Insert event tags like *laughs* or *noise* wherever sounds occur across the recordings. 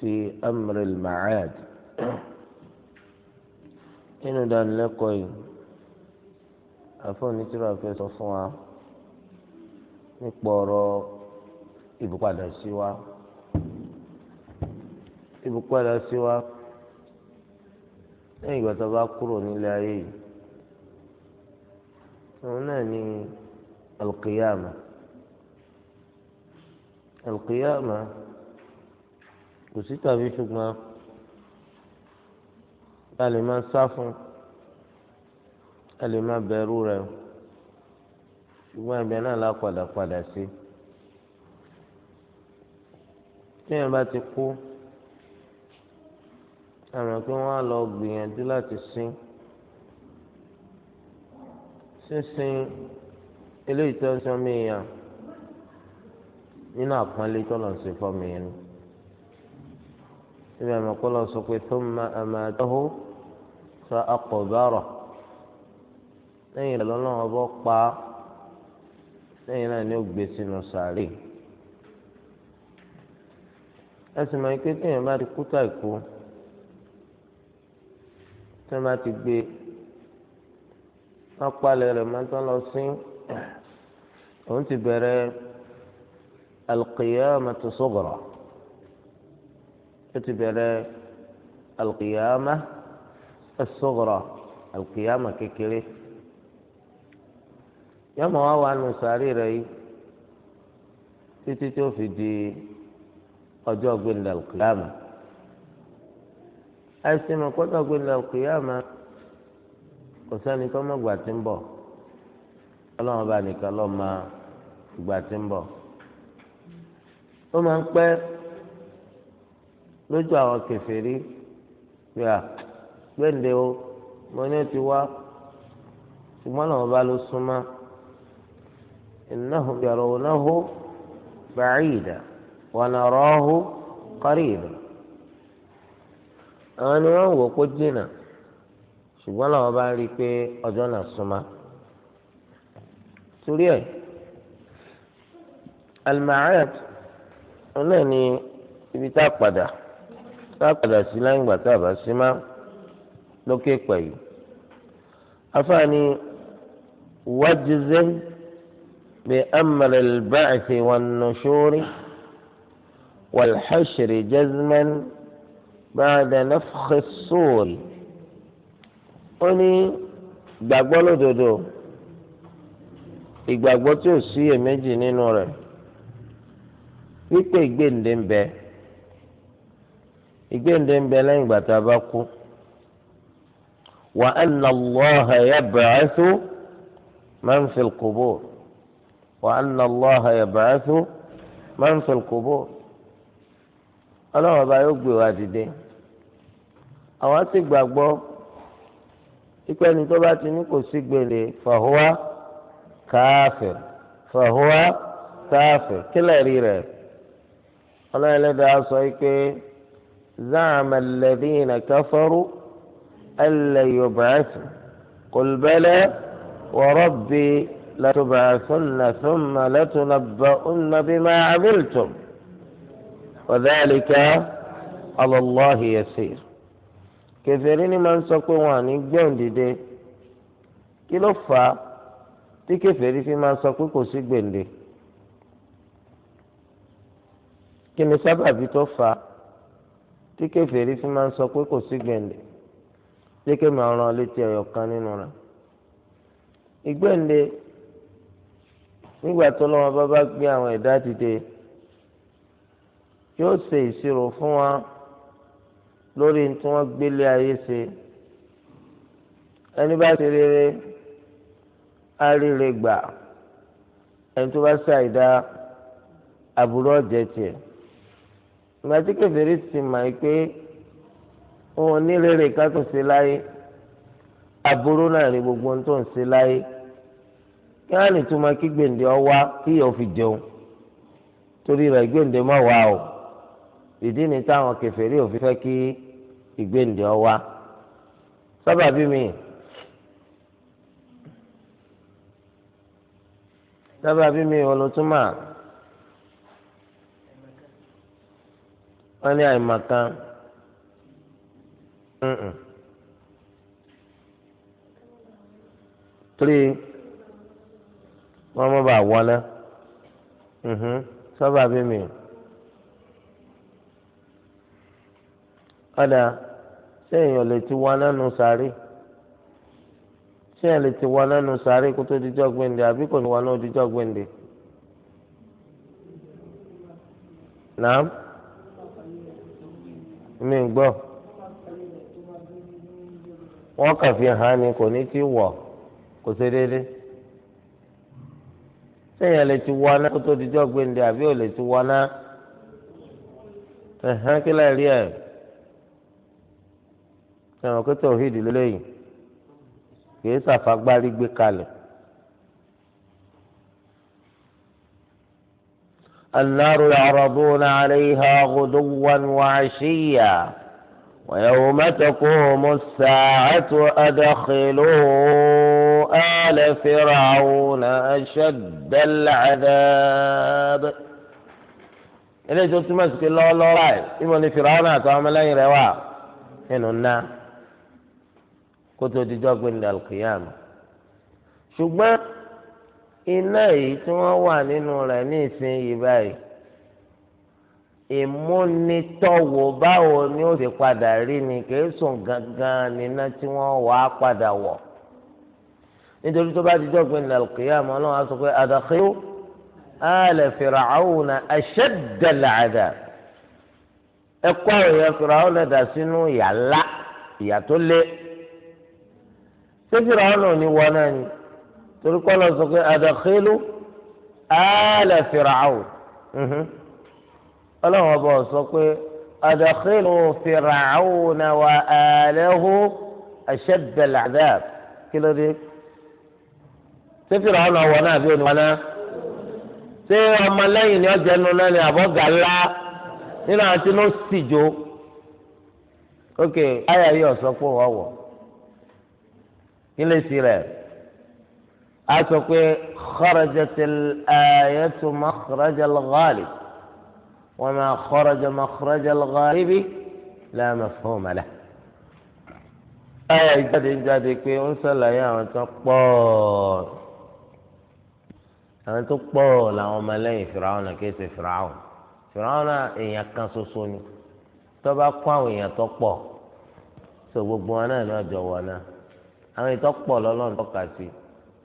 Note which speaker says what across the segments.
Speaker 1: في أمر المعاد إنه دان لقوي أفوني ترى في صفوة نقبرو ìbùpadà sí wa ìbùpadà sí wa lẹ́yìn ìgbà tó bá kúrò nílé ayé yìí òun náà ni alqiyama alqiyama kò sí tàbí ṣùgbọ́n a lè máa sá fún a lè máa bẹ̀rù rẹ̀ ṣùgbọ́n ẹ̀bẹ̀ náà la padà padà sí tíyẹn bá ti kú àmọ́ pé wọ́n á lọ gbìyànjú láti sin sínsin eléyìí tó ń sọ mí yàn nínú àpọ́nlé tó lọ́n ṣe fọ́ mi yẹn ni síbẹ̀ mọ̀ kó lọ sọ pé thumma amatahu fa aqbara lẹ́yìn rẹ̀ lọ́nà ọbọ̀ pa lẹ́yìn náà ni ó gbé sínú sàárè ẹ sì mọ̀ pé téèyàn bá ti kú tàìkú tí bá ti gbé wọ́n palẹ̀ rẹ̀ máa tán lọ sí òun ti bẹ̀rẹ̀ al-qiyamatu sughra. ó ti bẹ̀rẹ̀ alqiyama as-sughra alqiyama kékeré yọmọ wa wà nù sàárì rẹ̀ yìí títí tó fi di ọjọ́ gbẹ̀ndà alqiyama àìsàn ìkọ́jọ́ gbẹ̀ndà alqiyama kò sẹ́ni tó mọ̀gbà tí ń bọ̀ ọlọ́run bá nìkan máa gbà tí ń lójú àwọn kèfèrí yà gbẹ̀ǹde o mo ní ti wá ṣùgbọ́n làwọn bá ló súnmọ́ innahum yarawnahu ba'ida wa narahu qariba àwọn ni wọ́n wò kó jìnnà ṣùgbọ́n làwọn bá rí i pé ọjọ́ náà súnmọ́ torí ẹ̀ al ọ̀nà ni ibi tá a padà tá a padà sí lẹ́yìn ìgbà tá a bá sí má lókè pẹ̀lú. afáàní wájúzẹ́ bí amẹ̀rẹ̀ báyìí wọn nù sórí والحشر جزما بعد نفخ الصور ó ní gbàgbọ́ lódodo ìgbàgbọ́ tí ò sí èméjì nínú rẹ̀ wípé ìgbéǹde ń bẹ ìgbéǹde ń bẹ lẹ́yìn ìgbà tá a bá wa anna Allaha
Speaker 2: yab'athu
Speaker 1: man fil qubur wa anna Allaha yab'athu man fil qubur ọlọ́run ọba yóò gbé wa dìde àwọn gbàgbọ́ tó bá fahuwa káfir fahuwa káfir kílẹ̀ rí rẹ̀ ọlọ́run ẹlẹ́dàá sọ pé. زعم الذين كفروا أن ألا يبعثوا قل بلى وربي لتبعثن ثم لتنبؤن بما عملتم وذلك على الله يسير كثيرين من سقوان يجون دي كلفا تكفري في من سقوك سيجون دي كم سبب توفى tí kèfèrí fi máa ń sọ pé kò sí gbẹ̀ǹdẹ̀ tí kèmí ọ̀ràn létí ẹ̀yọ̀ kan nínú rẹ̀ ìgbẹ̀ǹdẹ̀ nígbà tó lọ́wọ́ bá bá gbé àwọn ẹ̀dá dìde yóò ṣe ìṣirò fún wa lórí tí wọ́n gbélé ayé ṣe ẹni bá ṣe rere á rere gbà ẹni tó bá ṣàìdá àbúrò ọ̀jẹ̀ tiẹ̀ ìgbà tí kẹfìrí sì mà yìí pé òun nílẹ̀rẹ̀ ká tó ṣe láyé aburú náà ní gbogbo ohun tó ń ṣe láyé kí wọ́n á nìtúmọ̀ kí gbèǹde ọwá kí yóò fi jẹun torí rẹ̀ gbèǹde má wà o ìdí ni táwọn kẹfìrí òfin fẹ́ kí ìgbèǹde ọwá sábàbí mi. sábàbí mi olùtúmọ̀ wọ́n ní àìmọ̀kan torí wọ́n mọ̀ bá wọná mm-hmm. sábà bí mi ọ̀dà ṣé èèyàn lè ti wá nánú sáré ṣé èèyàn lè ti wá nánú sáré kó tó dijọ́ gbèǹde àbí kò ní wá náà dijọ́ gbèǹde nàá. mi gbọ́ wọ́n kàn fi hàn ni kò ní ti wọ kò ṣe déédéé sẹ́yìn lè ti wọ aná kó tó di jọ́ gbẹ̀ǹdẹ̀ àbí ò lè ti wọ aná ẹ̀hán kí láì rí ẹ̀ sẹ́wọ̀n kó tó hídìí lélẹ́yìn kì í gbé النار يعرضون عليها غدوا وعشيا ويوم تقوم الساعة أدخلوا آل فرعون أشد العذاب إلى جلت مسك الله الله رأي إما لفرعون أتعمل أي رواء إن هنا كنت تجاق من القيامة شو iná èyí tí wọ́n wà nínú rẹ̀ ní ìsinyìí báyìí ìmúnitọ́wò báwo ni ó sì padà rí ni kìí sùn gangan níná tí wọ́n wà á padà wọ̀ nítorí tó bá ti dọ́gbìn nàlùkìyàmù ọlọ́run á sọ pé àdàkìyó àlẹ fìràhùn àṣẹdẹlàdà ẹkọ àròyìn fìràhùn dà sínú ìyà ńlá ìyà tó lé ṣé fìràhùn ò ní wọ náà ni torí kọ́ lọ sọ pé àdàkélú àlẹ́ fìràwù ọlọ́run ọba sọ pé àdàkélú fìràwù náà wà àlẹ́hu àṣẹ́bẹ̀lẹ̀ àdáàb kí ló dé ṣé fìràwù náà wọ̀ náà bí ó náà ṣé ọmọlẹ́yìn ni ọjà ẹnu náà ni àbọ̀gà ńlá nínú àwọn tí ló sì jó ok ayé ayé ọ̀sọ́ pé wọ́n kí lè sí rẹ̀ a sọ pé kharajatil ayatu makhrajal ghalib wa ma kharaja makhrajal ghalibi la mafhuma lahu. ayé jáde jáde pé ó ń sàlàyé àwọn tó pọ̀ àwọn tó pọ̀ làwọn ọmọlẹ́yìn fìràwọ̀nà kì í ṣe fìràwọ̀n fìràwọ̀nà èèyàn kan ṣoṣo ni tó bá kó àwọn èèyàn tó pọ̀ so gbogbo wọn náà ní ọjọ́ wọn náà àwọn ètò pọ̀ lọ́lọ́run tó kà sí i.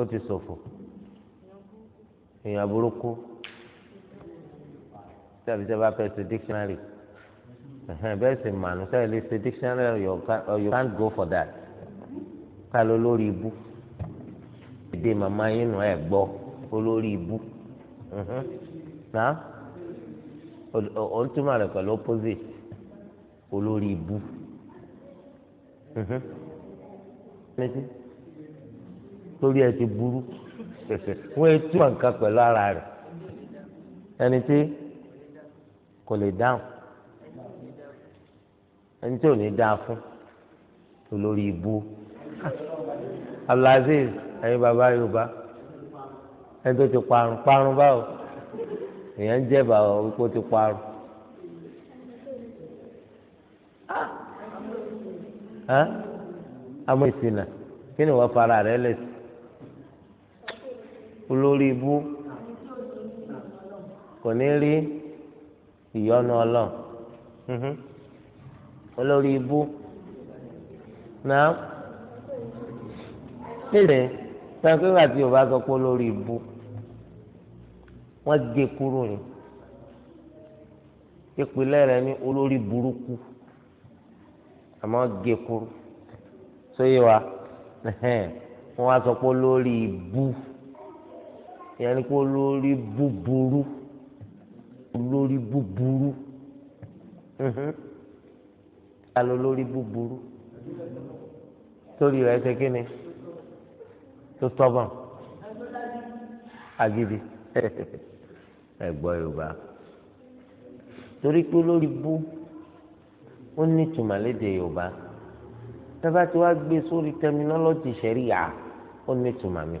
Speaker 1: ó ti ṣòfò èèyàn burúkú tàbí tẹ́ bá fẹ́ ṣe dictionary bẹ́ẹ̀ sì mànú sẹ́yìn lè ṣe dictionary you can't go for that ká ló lórí ibú èdè màmá yín nù ẹ̀ gbọ́ olórí ibú náà ó ń túmọ̀ rẹ̀ pẹ̀lú opposite olórí ibú torí ẹ ti burú wọ́n etí wọn kan pẹ̀lú ara rẹ̀ ẹni tí kò lè dáhùn ẹni tí ò ní dáa fún olórí ibu Abdulaziz ẹyin bàbá Yorùbá ẹni tó ti parun parun báwo èèyàn ń jẹ́ bàbá wípé ó ti parun. amọ̀ ìsìnà kí ni wọ́n fara rẹ̀ lẹ́sìn olórí ibú kò ní rí ìyọ́nú ọlọ́run mhm. olórí ibú náà nílẹ̀ sankéwà tí o bá sọ pé olórí ibú wọ́n gé kúrò ní ìpìlẹ̀ rẹ̀ ní olórí burúkú àmọ́ gé kúrò sóyè wa wọ́n wá sọ pé olórí ibú ìyẹn ni kó lórí búburú lórí búburú mhm. alo lórí búburú torí rẹ ṣe kíni tó tọ́bọ̀n agidi *laughs* ẹ̀gbọ́n yorùbá torí pé lórí bú ó ní tùmọ̀lédè yorùbá tábà tí wàá gbé sórí tẹminọ́lọ́jì ṣẹ̀ríyà ó ní tùmọ̀ mi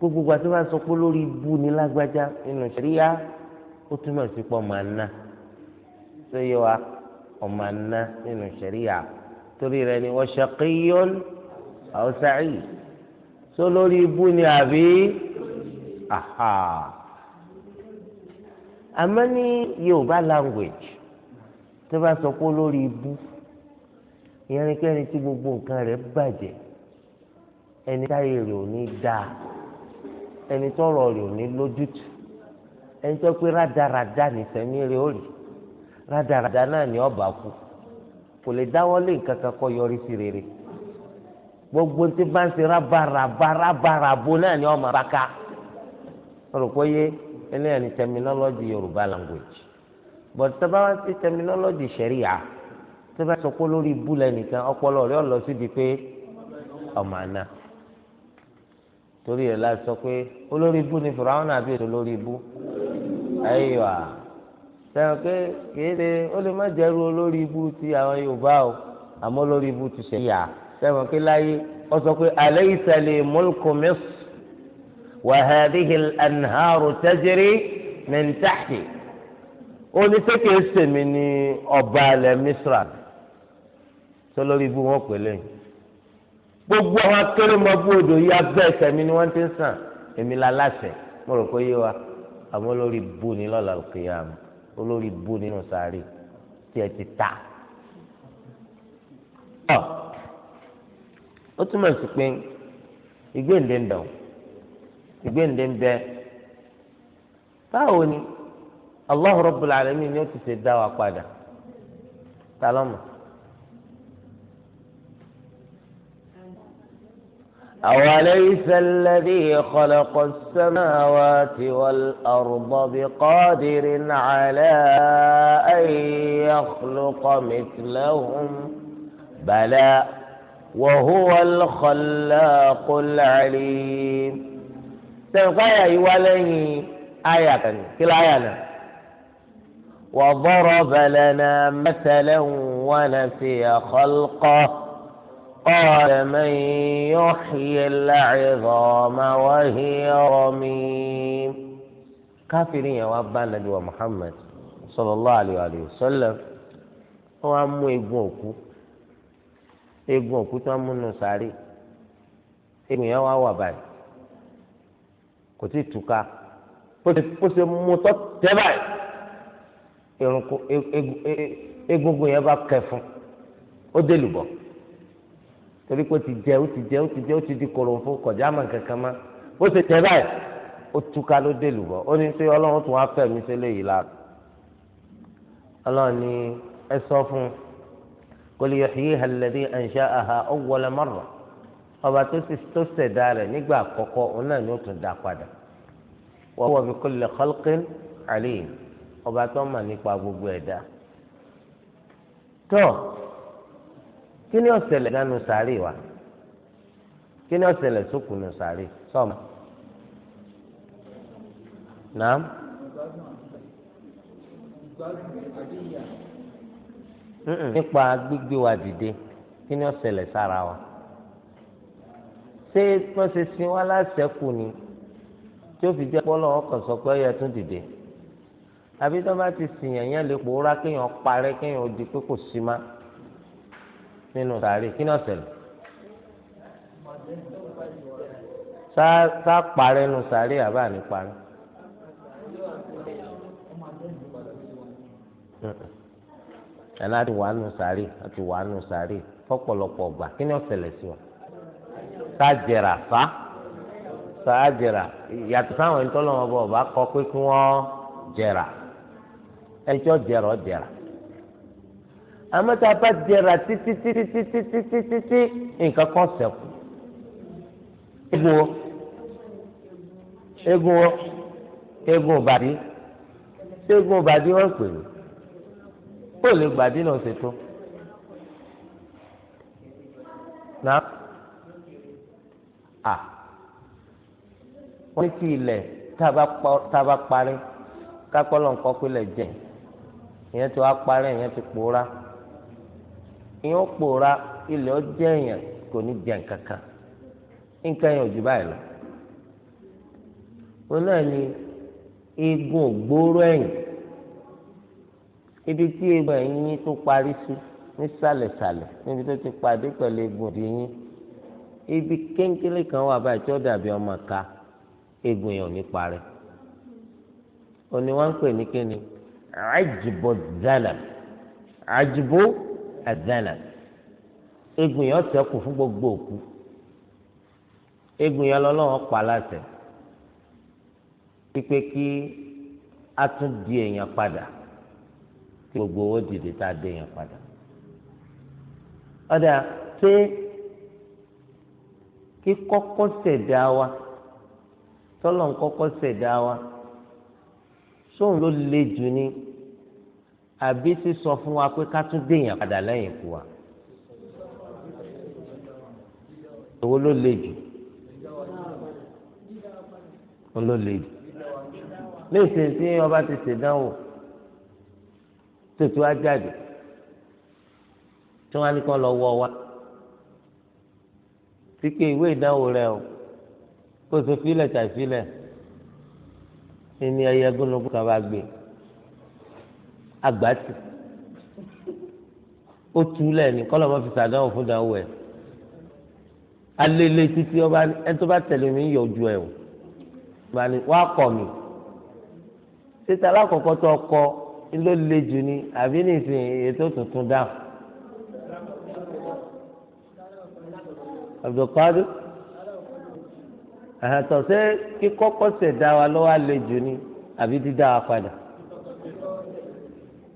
Speaker 1: gbogbo gbà tó bá sọ pé lórí ibu ni lágbájá nínú ṣẹríya ó túmọ̀ sí pé ọmọ àná tó yẹ wa ọmọ àná nínú ṣẹríya torí rẹ ni wọ́n ṣàkíyọ́n àwòsàáyì tó lórí ibu ni àbí aha àmọ́ ní yorùbá language tó bá sọ pé lórí ibu ìyẹn ni kẹ́ni tí gbogbo nǹkan rẹ̀ bàjẹ́ ẹni táyé rẹ̀ ò ní dáa. ẹni tọrọ rẹ̀ ò ní lójútù ẹni tó pé rádaràda ó rádaràda náà ni ọba kú kò lè dáwọ́lé nǹkan kan kọ́ yọrí sí rere gbogbo tí bá ń náà ọmọ eléyàn yorùbá but tó bá wá sí sẹ́ríà tó bá sọ pé lórí ibú lẹ́nìkan ọpọlọ torí ẹ̀ láti sọ pé olórí ibú ni fìràwọn àbí ètò olórí ibú ayiwa sẹ́wọ̀n pé kìí ṣe ó lè má jẹ́rú olórí ibú ti àwọn Yorùbá o àmọ́ olórí ibú ti ṣe yà sẹ́wọ̀n pé láyé ó sọ pé alaysa li mulku Misr wa hadhihi al ó ní sẹ́kẹ̀ẹ́ sèmi ní ọba alẹ́ Misra tó ibú wọn pè lẹ́yìn. gbogbo àwọn akéré máa odò yìí abẹ́ ẹsẹ̀ mi ni wọ́n ti ń sàn èmi la mo rò pé yé wa àwọn olórí bu ni lọ́la òkè yà mọ́ olórí bu nínú sáré tí ẹ ti ta. ó túmọ̀ sí pé ìgbéǹde ń ni أوليس الذي خلق السماوات والأرض بقادر على أن يخلق مثلهم بلى وهو الخلاق العليم تلقايا يوالي آية كل آية وضرب لنا مثلا ونسي خلقه قال من يحيي العظام وهي رميم كافرين يا أبا النبي محمد صلى الله عليه وآله وسلم هو أمو إيقون أكو إيقون أكو تأمو نساري إيقون يا وابا بáyìí kò tí ì túká bó ṣe mú tọ́ torí pé ó ti jẹ ó ti jẹ ó ti jẹ ó ti di kòròfo kọjá mọ kankan mọ ó ṣe tẹ báyìí ó túká ló dé lùbọ ó ní sẹ Ọlọ́run tún wá fẹ́ mi sí léyìí la Ọlọ́run ní ẹ sọ fún qul yuhyiha alladhi ansha'aha awwala marra ọba tó sì tó ṣẹ̀dá rẹ̀ nígbà àkọ́kọ́ òun náà ni ó tún dá padà wa huwa bi kulli khalqin alim ọba tó mà nípa gbogbo ẹ̀dá tó kí ni ọ̀sẹ̀lẹ̀ dánú sàárè wa kí ni ọ̀sẹ̀lẹ̀ sókùnù sàárè sọ́ọ̀mù nàám. nípa gbígbé wa dìde kí ni ọ̀sẹ̀lẹ̀ sára wa ṣé wọ́n ṣe sin wá láṣẹ́kù ni tí ó fi jẹ́ pọ́lọ́ ọkàn sọ pé ó yẹ tún dìde àbí tó bá ti sìn yẹn yẹn lè pòórá kéèyàn parẹ́ kéèyàn di pé kò sí máa nínú sàárè kí ni ọ̀sẹ̀ lò
Speaker 2: sá parẹ́ nu sàárè
Speaker 1: àbá ní parẹ́. aláàdì wà nù sàárè àti wà nù sàárè fọ́pọ̀lọpọ̀ gbà kí ni ọ̀sẹ̀ lẹ̀ sí wa sá jẹrà fa sá jẹrà yàtọ̀ sáwọn ẹni tọ́lọ́wọ́n bọ̀ ọba kọ pé kí wọ́n jẹrà ẹjọ́ jẹrà ọ àmọ́ tá a bá jẹrà títí títí títí títí títí nǹkan kan ṣẹ́kù. egun wo egun wo egun òbàdí ṣé egun òbàdí wọ́n pè é kó lè gbàdí náà ṣètò. nà á wọ́n ní kí ilẹ̀ tá a bá parí kápọ́lọ̀ nǹkan pé lẹ̀ jẹ̀ ìyẹn tó wá parí ìyẹn ti pòórá. ìyẹn pòórá ilẹ̀ ọjọ́ èèyàn kò ní jẹ nǹkan kan nǹkan yẹn ò jù báyìí lọ. wọn náà ní eegun ògbóró ẹ̀yìn ibi tí eegun ẹ̀yìn tó parí sí nísàlẹ̀sàlẹ̀ níbi tó ti pàdé pẹ̀lú eegun òdì yín ibi kéńkéré kan wà báyìí tí ó dàbí ọmọ ká eegun yẹn ò ní parẹ́ òní wọn ń pè ní kíni àjìbò àjìbò. àdánà egbò yẹn ọ̀sẹ̀kù fún gbogbo òkú egbò yẹn lọ́lọ́wọ́ pa láṣẹ pípé kí a tún di èèyàn padà kí gbogbo owó dìde tá a dé èèyàn padà ọ̀dà ṣé kí kọ́kọ́ ṣẹ̀dá wa tọlọ ń kọ́kọ́ ṣẹ̀dá wa sóun ló le jù ní. àbí sísọ fún wa pé ká tún déèyàn padà lẹ́yìn ikú wa owó ló le jù owó ló le jù léèsè tí ọba ti ṣèdánwò tètè wá jáde tí wọn ní kó lọ wọ wa tí pé ìwé ìdánwò rẹ o kó o ṣe fílẹ̀ tàì fílẹ̀ ẹni ẹyẹ gbólógún kan bá gbé agbátì ó túlẹ̀ ní kọ́lọ̀ máa fi sàdánwò fún ìdánwò ẹ̀ alele títí ọba ẹni tó bá tẹ̀lé mi yọ ojú ẹ̀ o bá ní wàá kọ̀ mi títa alákọ̀ọ́kọ́ tó kọ ló le jù ni àbí nìsín ètò tuntun dáhùn. Abdulkadir àtọ̀ sẹ́ kíkọ́kọ́ ṣẹ̀dá wa lọ́wọ́ alẹ́ jù ni àbí dídá wa padà.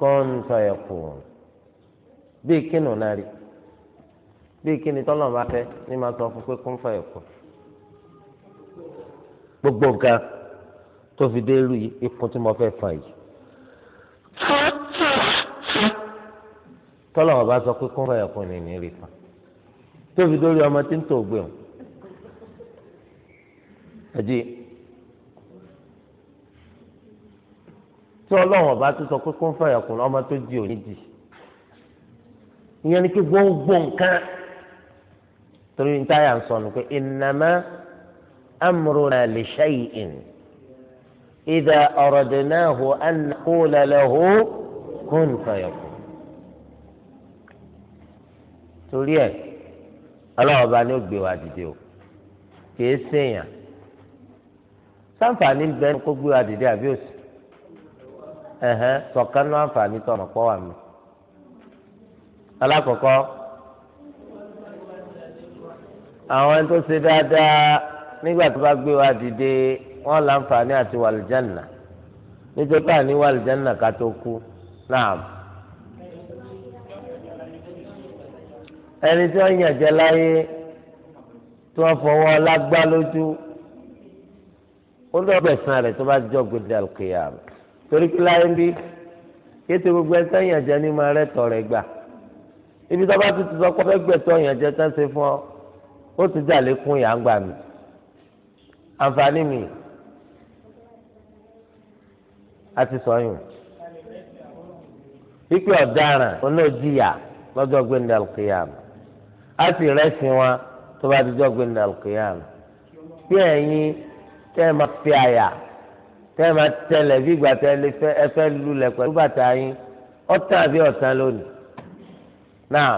Speaker 1: kọ́ń fàyẹ̀kù bíi kínú náà rí bíi kíni tọ́lọ̀ bá fẹ́ ní máa sọ fún pé kọ́ń fàyẹ̀kù gbogbo nǹkan tó fi dé irú ikùn tí mo fẹ́ fà yìí tọ́lọ̀ bá sọ pé kọ́ń fàyẹ̀kù ní ní rí fa tó fi dórí ọmọ tí ń tó gbé wọn. tí ọlọ́run ọba tó sọ pé kó ń fàyà kùn ọmọ tó di òní di ìyẹn ni kí gbogbo nǹkan torí ní táyà ń sọnù pé innama amruna li shay'in idha aradnahu an naqula lahu kun fayakun. torí ẹ ọlọ́run ọba ni ó gbé wa dìde o kì í ṣèyàn sáǹfààní bẹ́ẹ̀ ni kó gbé wa dìde àbí òsì ẹ̀hẹ́n sọ̀kan náà àǹfààní tọ̀nà pọ̀ wà mí. alákọ̀ọ́kọ́ àwọn ẹni tó ṣe dáadáa nígbà tó bá gbé wa dìde wọ́n láǹfààní àti wàlìjánà nítorí pé àní wàlìjánà ká tó kú náà. ẹni tí wọ́n yàn jẹ láyé tí wọ́n fọwọ́ lágbá lójú ó lọ́ọ́ bẹ̀sán rẹ̀ tó bá jọ gbèdé àlùkìyà rẹ̀ torí pé láyé ń bí kéte gbogbo ẹsẹ ìyànjẹ ní máa rẹtọ rẹ gbà ibi tó bá tuntun sọ pé fẹ́ gbẹ̀tọ́ ìyànjẹ tán ṣe fún ọ ó tún jà lékún ìyá ń gbà mí àǹfààní mi a ti sọ yùn pípẹ́ ọ̀daràn onáòjìyà lọ́jọ́ gbẹ̀ndà kìyàm a sì rẹ́sìn wọn tó bá dijọ́ gbẹ̀ndà kìyàm bí ẹ̀yin tẹ́ ẹ máa fi àyà. tẹ́ máa tẹlẹ̀ bí ìgbà tẹ́ lè fẹ́ ẹ fẹ́ lulẹ̀ pẹ̀lú bàtà yín ọ̀tàn àbí ọ̀tàn lónìí. náà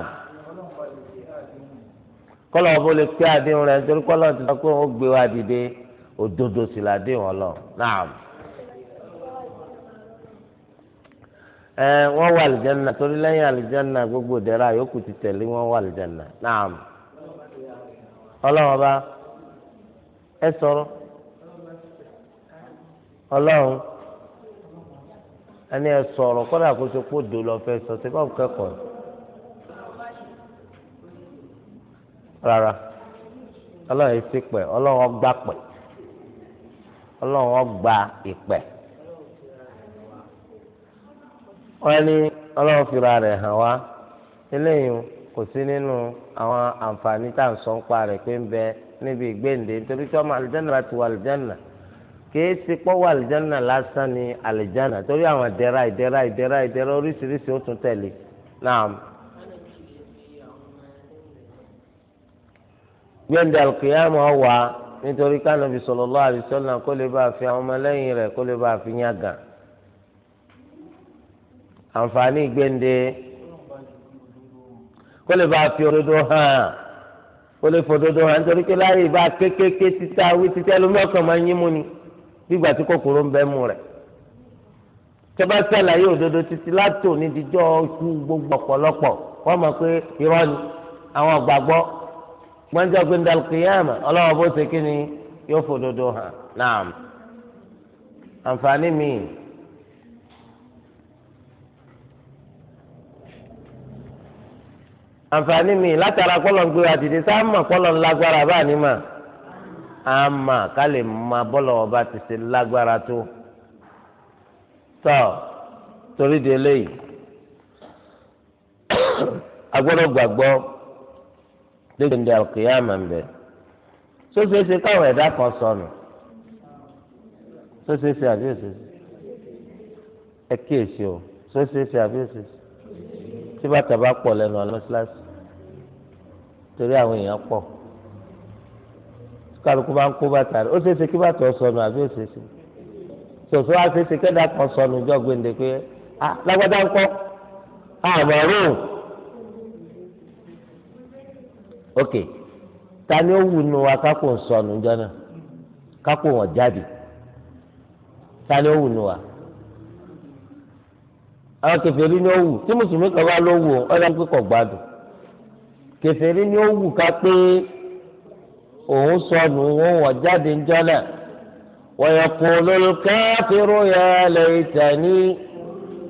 Speaker 2: kọ́lọ̀ ọ̀bọ lè àdéhùn rẹ̀
Speaker 1: nítorí kọ́lọ̀ ti sọ pé ó gbé wa dìde òdodo sì làdéhùn ọlọ náà. ẹ wọ́n wà àlìjánná torí lẹ́yìn gbogbo ìdẹ́ra ti tẹ̀lé wọ́n wà náà. bá ẹ sọ̀rọ̀. ọlọ́run ẹni ẹ sọ̀rọ̀ kọ́dà kó so kó dò lọ fẹ́ sọ ṣe báwo kẹ́kọ̀ọ́ rárá ọlọ́run yìí ti pẹ̀ ọlọ́run ọgbà pẹ̀ ọlọ́run ọgbà ìpẹ̀ wọ́n ní ọlọ́run fira rẹ̀ hàn wá eléyìí kò sí nínú àwọn àǹfààní tá à ń sọ ń pa rẹ̀ pé ń bẹ níbi ìgbéǹde nítorí tí wọ́n máa àlùjánnà láti wọ àlùjánnà. kìí ṣe pọ́ wà àlìjáná lásán ni àlìjáná torí àwọn ìdẹ́ra ìdẹ́ra ìdẹ́ra ìdẹ́ra oríṣiríṣi ó tún tẹ̀lé náà. gbẹ̀ndẹ̀ alùkìyàmọ̀ wà nítorí kánàbì sallallahu alaihi wasallam kó lè bá a fi àwọn ọmọlẹ́yìn rẹ̀ kó lè bá a fi yàn gàn. àǹfààní gbẹ̀ndẹ̀ kó lè bá a fi òdodo hàn kó lè fòdodo hàn nítorí pé láyé ìbá kékeré títà wí títà lómi ọkàn máa ń yín mú ni gbígbà tí kòkòrò ń bẹ mú rẹ̀ tẹ́bá sàlàyé òdodo títí látò ní dídọ́ ikú gbogbo ọ̀pọ̀lọpọ̀ wọ́n mọ̀ pé irọ́ ni àwọn ọ̀gbàgbọ́ gbọ́njọ́ gbẹ́ndàlù kìyàmà ọlọ́wọ́ bó ṣe kí ni yóò fòdodo hàn náà àǹfààní mi. àǹfààní mi látara kọ́lọ̀ ń gbé wa dìde sáà mọ̀ kọ́lọ̀ ńlágbára báà ní mà á mà ká lè máa bọ́lọ̀ ọba ti ṣe lágbára tó tọ́ torí de eléyìí *coughs* agbọ́dọ̀ gbàgbọ́ dégbèndé àlùkìyàmà ń bẹ sóṣèṣe káwọn ẹ̀dá kan sọnù sóṣèṣe àbí òṣèṣe ẹ kíyèsí o sóṣèṣe àbí òṣèṣe tí bàtà bá pọ̀ lẹ́nu ọlọ́síláṣí torí àwọn èèyàn pọ̀ kálukú bá ń kó bàtà rẹ̀ ó ṣeéṣe kí bàtà ọ sọnù àbí ó ṣeéṣe sòsò á ṣeéṣe kẹ́dà kan sọnù ìjọ gbèǹde pé ah lágbádá ńkọ́ ah màrún ok ta ni ó wù nù wa kákò ń sọnù ìjọ kákò wọn jáde ta ni ó wù nù wa àwọn kèfèrí ni ó wù tí mùsùlùmí kan bá ló ọ ọ dáa pé kò gbádùn kèfèrí ni ó wù ká pé òun sọnù wọn wọ jáde ńjọ́nà ويقول الكافر يا ليتني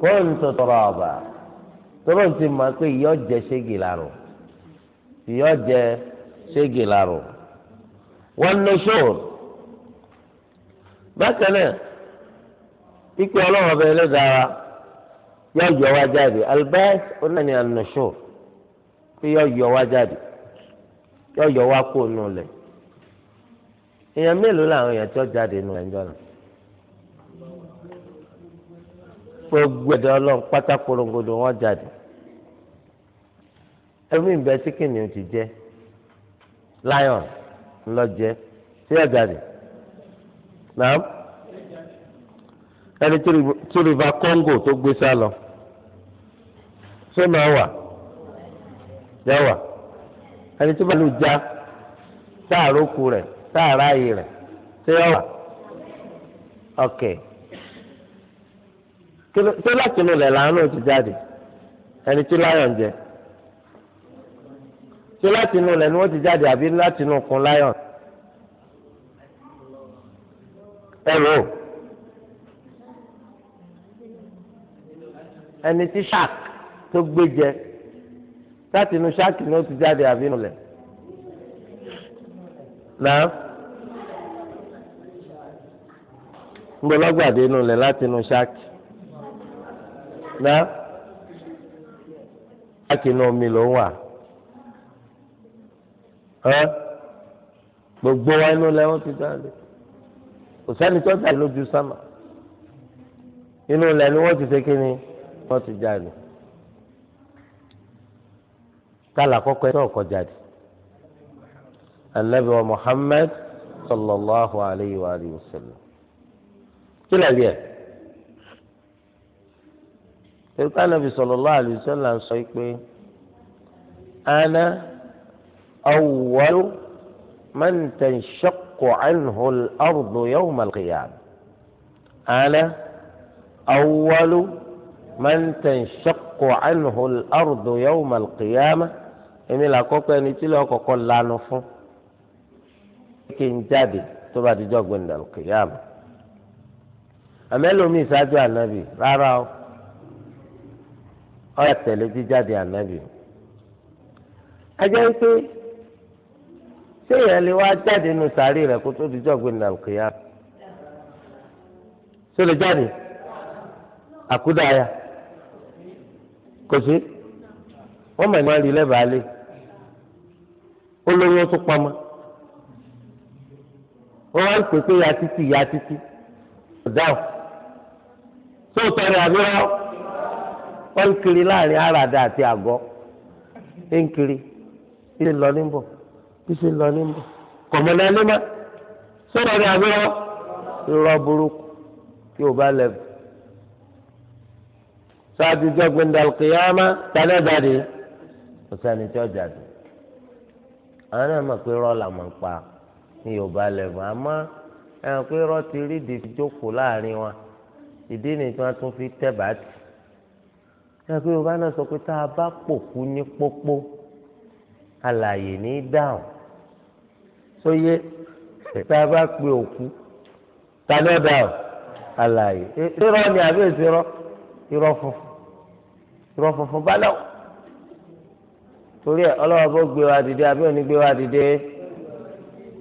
Speaker 1: كنت ترابا tọ́lọ́ ti mọ̀ pé ìyọ́ jẹ ṣégi lárò ìyọ́ jẹ ṣégi lárò wọ́n lọ ṣóòrò bákan náà pípẹ́ ọlọ́run ọba ẹlẹ́dàá
Speaker 2: yọ yọ wá jáde
Speaker 1: albert onáni ànàṣọ pé yọ yọ wá jáde yọ yọ wá kó nù lẹ̀ èèyàn mélòó làwọn èèyàn tó jáde nù ẹjọ́ náà gbogbo ẹ̀dá ọlọ́run pátá korongodo wọn jáde ẹlòmíì bẹ tí kìnìún ti jẹ lion ńlọjẹ tí ẹ jáde náà ẹni tí rìvà Congo tó gbé sá lọ ṣé máa wà yẹ wà ẹni tí bàálù já sáà rókù sáàrà yìí rẹ̀ ṣé ọ wà ok ṣé láti inú ilẹ̀ làánú ti jáde ẹni tí láyọ̀ ń jẹ ṣé láti inú ilẹ̀ ni wọ́n ti jáde àbí láti inú kun láyọ̀ ẹ rò ó. ẹni tí shark tó gbé jẹ láti inú shark ni ó ti jáde àbínú lẹ náà ngbọlọgbàdé inú lẹ láti inú ṣáàkì naa shakị inú omi ló wà gbogbo wa inú wọn ti tó lójú sámà inú ni wọn ti kíni wọn ti kálá anabi wa muhammed sallallahu alayhi wa alihi wa sallam kí lè rí ẹ tẹ̀síkà anabi sallallahu alayhi wa sallam sọ pé ana awwalu man tanshaqqu anhu al-ardu yawm al-qiyamah ana awwalu man tanshaqqu anhu al-ardu yawm al-qiyamah èmi là kọ́kọ́ ẹni tí lè kọ́kọ́ lanu fún. kí n jáde tó bá dijọ́ gbẹ̀ndà kìyàmù àmẹ́lòmí ìsáájú ànábì rárá o ọ̀yà tẹ̀lé jíjáde ànábì ajá ń pé ṣé èèyàn lè wá jáde nínú sàárì rẹ̀ kó tó dijọ́ gbẹ̀ndà kìyàmù ṣé lè jáde àkúdàáyà kò sí wọ́n mọ̀ ní wọ́n rí wọ́n wá ń ya títì ya títì ọ̀dáwọ̀ tó tọ́ ni àbí wọ́n ń kiri láàrin àràdà àti àgọ́ ń kiri ṣe lọ níbọ̀ bí ṣe ń lọ níbọ̀ kọ̀mọ́dé ẹni má sọ̀rọ̀ ni irọ́ burúkú o bá lẹ́bù jọ́gbìn tani ọ̀sán ni ní yorùbá lẹ́gùn àmọ́ ẹ̀hàn pé rọ́ọ̀tì rídì fi jókòó láàrin wọn ìdí ni tí wọ́n tún fi tẹ̀ bàtì ẹ̀hàn pé yorùbá náà sọ pé tá a bá pòkú ní pópó alàyè ní dáhùn sóyè tá a bá pe òkú ta ló dáhùn alàyè irọ́ ni àbí èsì irọ́ irọ́ funfun irọ́ funfun bá lọ torí ẹ̀ ọlọ́wọ́ bó gbé wa dìde àbí òní gbé wa dìde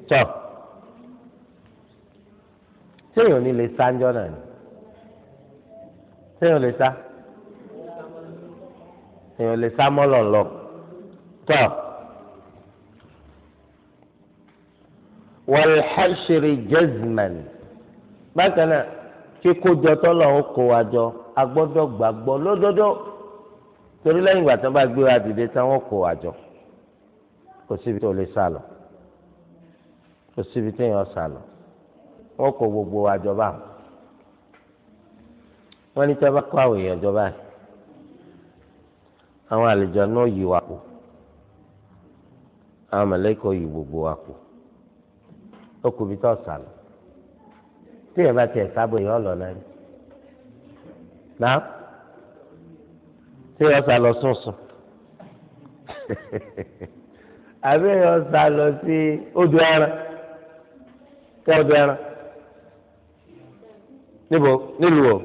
Speaker 1: tọ́ séèyàn ní lè sá ńjọ́ náà ni séèyàn lè sá èèyàn lè sá mọ́lọ̀ lọ tọ́ wal hashri jazman bákan náà kíkójọ tọ́lọ̀ ń kó wa jọ a gbọ́dọ̀ gbàgbọ́ lódodo torí lẹ́yìn ìgbà tí wọ́n bá gbé wa dìde tí wọ́n kó wa jọ kò síbi tó lè sá lọ kò síbi téèyàn sá lọ wọn kó gbogbo àjọba wọn ní tẹ́ bá kó àwọn èèyàn jọba yìí àwọn àlejò náà yí wa kù àwọn mọ̀lẹ́kọ̀ yí gbogbo wa kù ó kù bí tó sá lọ téèyàn bá tiẹ̀ sábò yìí ọ̀lọ́ náà náà téèyàn sá lọ sùn sùn
Speaker 2: *laughs*
Speaker 1: àbẹ́yàn sá lọ sí odò ẹran kọ́ ọ dẹ́ran níbo nílùú o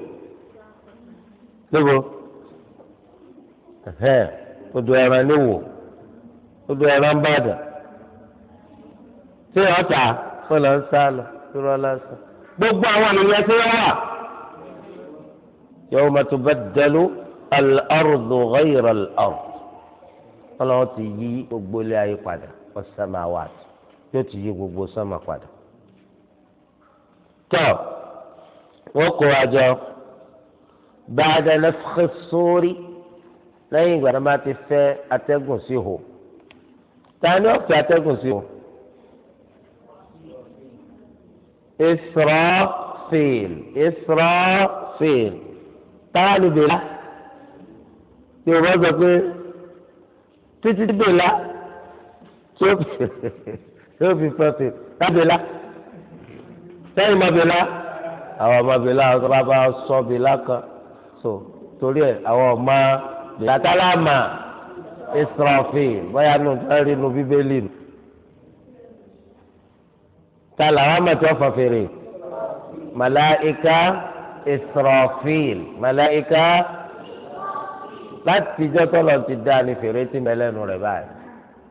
Speaker 1: níbo odò ẹran níwò odò ẹran bàdàn tí ọ̀tà fọlọ́ ń sá lọ irọ́ lásán gbogbo àwọn ènìyàn tí wọ́n wà yóò máa tó bá dẹlu al-ardu ghayra al-ardu ọlọ́wọ́ ti yí gbogbo ilé ayé padà ọ̀sán máa wà yóò ti yí gbogbo sọ́mà padà tọ́ wọ́n kó wa jọ báadà nafkhi sórí lẹ́yìn ìgbà náà bá ti fẹ́ atẹ́gùn sí ihò ta ni ó fẹ́ atẹ́gùn sí ihò Israfil Israfil táàlù bèlà tí o bá sọ pé títí bèlà tí ó fi fẹ́ fèlè tábèlà sẹ́yìn mọ́bìlá àwọn mọ́bìlá ọ̀sọ́ba bá sọ bìlá kan so torí ẹ̀ àwọn ọmọ bìlátàlámà ìsọ̀rọ̀fì bóyá nù ẹ̀rí nù bíbélì nù.
Speaker 2: ta làwọn mọ̀tí ọ̀fọ̀
Speaker 1: fèrè màláìka ìsọ̀rọ̀fìl màláìka láti ìjọ tọ́lọ̀ ti dá ní fèrè tí ń bẹ lẹ́nu rẹ̀ báyìí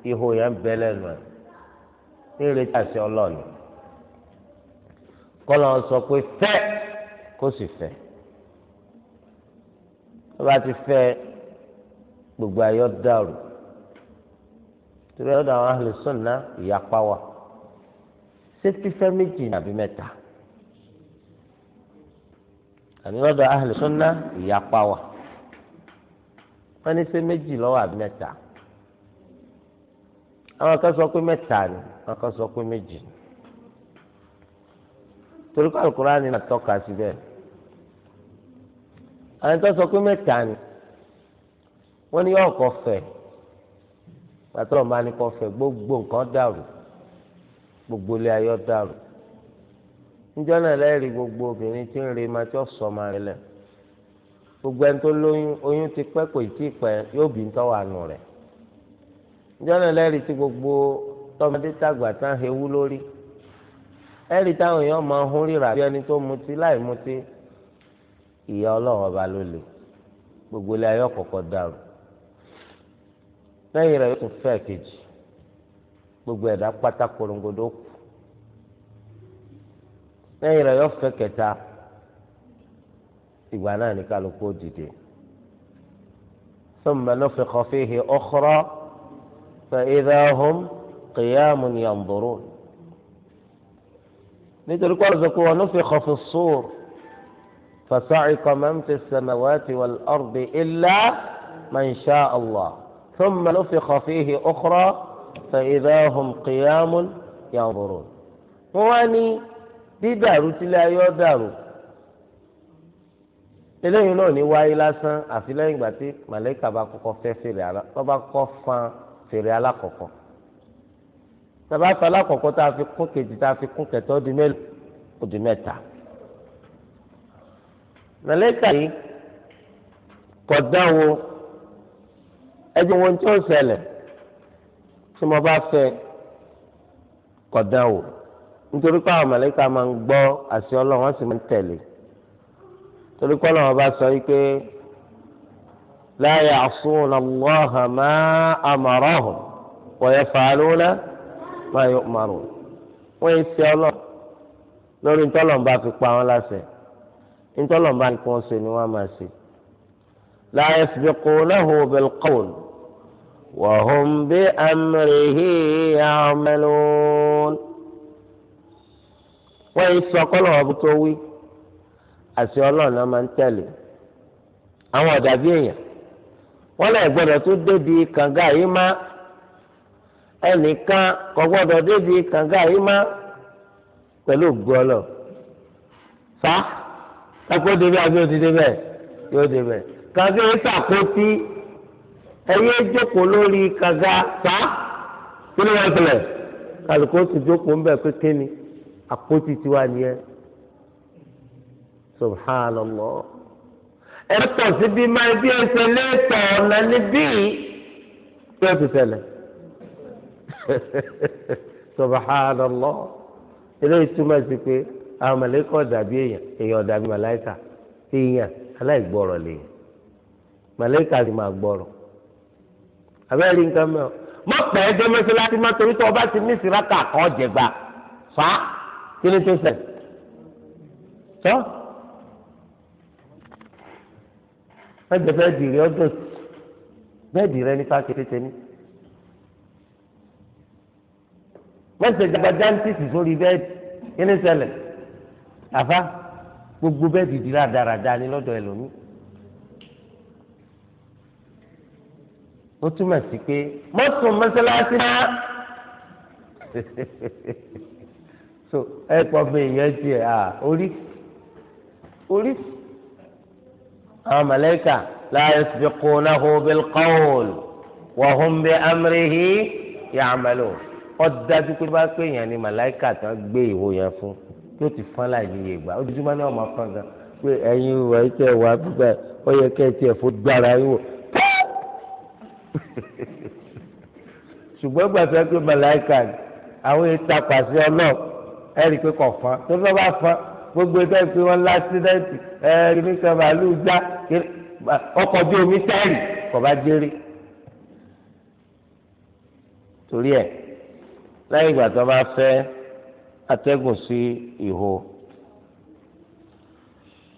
Speaker 1: ihò yẹn ń bẹ lẹ́nu ní ìrètí àṣẹ ọlọ́ọ̀ni kọ́lọ́ sọ pé fẹ́ kó sì fẹ́ tó bá ti fẹ́ gbogbo ayọ́ dàrú torí ọ̀dọ̀ àwọn àlùsọ̀nà ìyapa wà ṣé fífẹ́ méjì àbí mẹ́ta àbí ọ̀dọ̀ àlùsọ̀nà ìyapa wà wọ́n ní ṣé méjì lọ́wọ́ àbí mẹ́ta àwọn kan sọ pé mẹ́ta ni àwọn kan sọ pé méjì ni. torí pé alukurani náà tọ́ka sí bẹ́ẹ̀ àwọn tó sọ pé mẹ́ta ni ọ ní ọkọ̀ fẹ̀ pàtó máa ní kọ́ fẹ̀ gbogbo nǹkan dàrú gbogbo ilé ayọ́ dàrú níjọ́ náà lẹ́rìí gbogbo obìnrin tí ń re máa tí sọ rẹ gbogbo ẹni lóyún oyún ti pẹ́ kò tí pẹ́ yóò bí gbogbo tọ́mọdé tàgbà tán lórí ẹ̀rí táwọn èèyàn máa ń hún ríra bí ẹni tó mutí láì mutí ìyá ọlọ́run ọba ló lè gbogbo ilé ayé ọ̀kọ̀ọ̀kọ̀ dàrú lẹ́yìn rẹ̀ yóò tún fẹ́ kejì gbogbo ẹ̀dá pátá korongodo kù lẹ́yìn rẹ̀ yóò fẹ́ kẹta ìgbà náà ní kálukú dìde thumma nufikha fihi ukhra fa idha hum qiyamun yanzurun nítorí kọ́ ọ̀sọ̀ pé wọn ò fi kọ̀fù sóòr fasa'iqa man fi samawati wal ardi illa man sha Allah thumma nufikha fihi ukhra fa idha hum qiyamun yanzurun. wọ́n wá ní dídàrú tílé ayé ọ̀dàrú eléyìí náà ní wáyé lásán àfi lẹ́yìn ìgbà tí màlẹ́kà bá kọ́kọ́ fẹ́ fèrè alákọ̀ọ́kọ́ tàbá fẹ alákọ̀ọ́kọ́ tá a fi kún kejì tá a fi kún kẹtọ́ di mélòó ó di mẹ́ta. mẹlẹ́kà yìí kọ̀ dánwò ẹjọ́ wọn tí ó ṣẹlẹ̀ tí mo bá fẹ́ kọ̀ dánwò nítorí pé àwọn mẹlẹ́kà máa ń gbọ́ àṣẹ ọlọ́run wọ́n sì máa ń tẹ̀lé torí pé ọlọ́run bá sọ yìí pé la ya'suna Allaha ma amarahum wa yaf'aluna máa yọ màrò wọ́n yẹn ṣe ọlọ́run lórí ntọ́lọ́mbà fi pa wọn láṣẹ ntọ́lọ́mbà ni kò ṣe ni wọ́n máa ṣe. la yasbiqunahu bil qawl wa hum bi amrihi ya'malun. wọ́n yẹn sọ kọ́lọ̀ ọ̀bù tó wí àṣẹ ọlọ́run náà máa ń tẹ̀lé àwọn ọ̀dàbí èèyàn wọ́n lè gbọ́dọ̀ tó débi kànga yìí máa. ẹnìkan kò gbọ́dọ̀ débi kànga yìí má pẹ̀lú gbọlọ fa ẹkọ débi àbí òdi débẹ yóò débẹ kànga yìí sàkótí ẹyẹ jókòó lórí kànga fa kí ló wà sílẹ̀ kálukó tó jókòó ńbẹ kékeré ni nìyẹn subhanallah ẹ tọ̀ síbi máa bí ẹsẹ̀ ọ̀nà níbí yóò ti *laughs* subhanallah eléyìí túmọ̀ sí pé àwọn mọ̀lẹ́kọ̀ dàbí èèyàn èèyàn dàbí màláìkà èèyàn aláìgbọ́rọ̀ lèèyàn màláìkà sì máa gbọ́rọ̀ abẹ́rẹ́ nǹkan mẹ́wàá mọ̀ pẹ́ dé mẹ́sàlásí má torí tó ọba ti ní sìrákà kọ́ jẹ̀gbà fa kí ni tó sẹ̀ tọ́ ẹgbẹ́ bẹ́ẹ̀ dì rí ọdún bẹ́ẹ̀ dì rẹ ní fásitì tẹ́ni. mẹsẹ̀ jabadantisi sórí bẹ́ẹ̀dì kíni ṣẹlẹ̀ àfa gbogbo bẹ́ẹ̀dì di rádaràda ni lọ́dọ̀ ẹlòmí. ó túmọ̀ sí pé mọ́tò mọ́sálásí náà so ẹ pọ̀ fún èèyàn tiẹ̀ à orí orí àwọn màláíkà la yasbiqunahu bil qawl wa hum bi amrihi ya'malun ó dájú pé bá pé èèyàn ni màláìkà tó gbé ìwo yẹn fún tó ti fọ́n láì níye gbà ojoojúmọ́ ni wọ́n máa fọ́n gan pé ẹ̀yin ìwà ìtẹ̀ wà gbígbà ó yẹ kẹ́ ẹ tiẹ̀ fó gbára yín wò
Speaker 2: *laughs*
Speaker 1: ṣùgbọ́n gbàgbé pé màláìkà àwọn ìtàpá sí ọlọ́ọ̀ ẹ̀rí pé kò fọ́n tó fẹ́ bá fọ́n gbogbo ẹgbẹ́ pé wọ́n lásìdẹ́ǹtì ẹ̀rí mi kan màálù gbá ọkọ̀ bí omi sẹ́rì kò bá jẹ́rìí torí ẹ̀ lẹ́yìn ìgbà tó bá fẹ́ atẹ́gùn sí ìhó.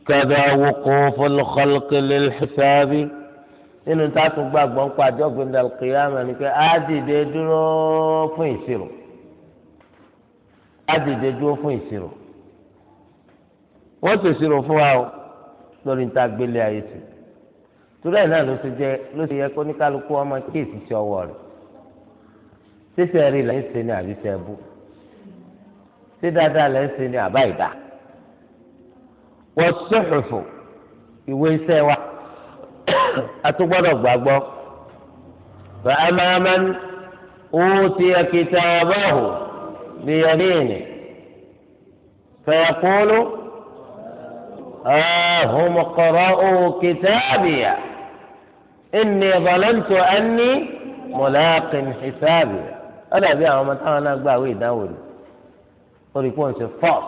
Speaker 1: kẹ́dọ̀ awokò fọlọ́kọ́lọ́kẹ́lẹ́ ṣáábí nínú tásùn gbàgbọ́ ń pa àjọgbìn dàlùkìyàmù ni pé á dìde dúró fún ìṣirò á dìde dúró fún ìṣirò wọ́n ṣèṣirò fún wa o lórí níta gbélé ayé sí torí ẹ̀ náà ló ṣe yẹ kó ní kálukú ọmọ kéèsì sí ọwọ́ rẹ̀ sísẹ rí lẹ ń ṣe ni àbí sẹ bú sí dáadáa lẹ ń ṣe àbá ìdá wọ́n sọ̀fẹ̀fọ̀ ìwé iṣẹ́ wa àtúgbọ́dọ̀ gbàgbọ́ fàámàmán أوتي كتابه بيمينه فيقول ها هم اقرأوا كتابي إني ظننت أني ملاق حسابي ó dàbí àwọn ọmọ táwọn náà gbàwé ìdánwò rẹ̀ ó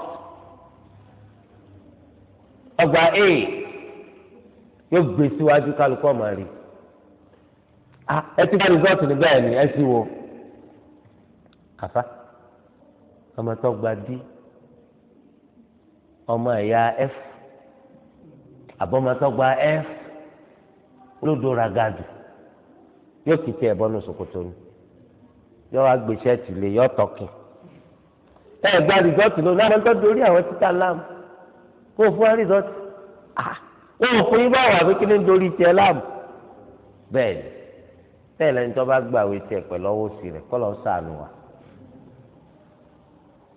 Speaker 1: ọgbà a yóò gbé síwájú kálukú ọmọ rí ah, ẹ ti bá nígbà yẹn ni ẹ sì wo ọmọ tó gba d ọmọ ẹ̀yà f àbọ̀mọ tó gba f lódò ragadu yóò kìtì ẹ̀ bọ́nu ni. yọ wá gbé ṣẹ́ẹ̀tì lé yọ tọkì ẹ gba rìsọ́ọ̀tì lónìí lára tó dorí àwọn títà láàmú kó o fún wa rìsọ́ọ̀tì ah ó ò fún yín bá wà pé kí dorí tiẹ̀ láàmú bẹ́ẹ̀ ni bẹ́ẹ̀ lẹ́ni tó bá gbàwé tiẹ̀ pẹ̀lú ọwọ́ sí rẹ̀ kọ́ lọ́ọ́ sànù wa.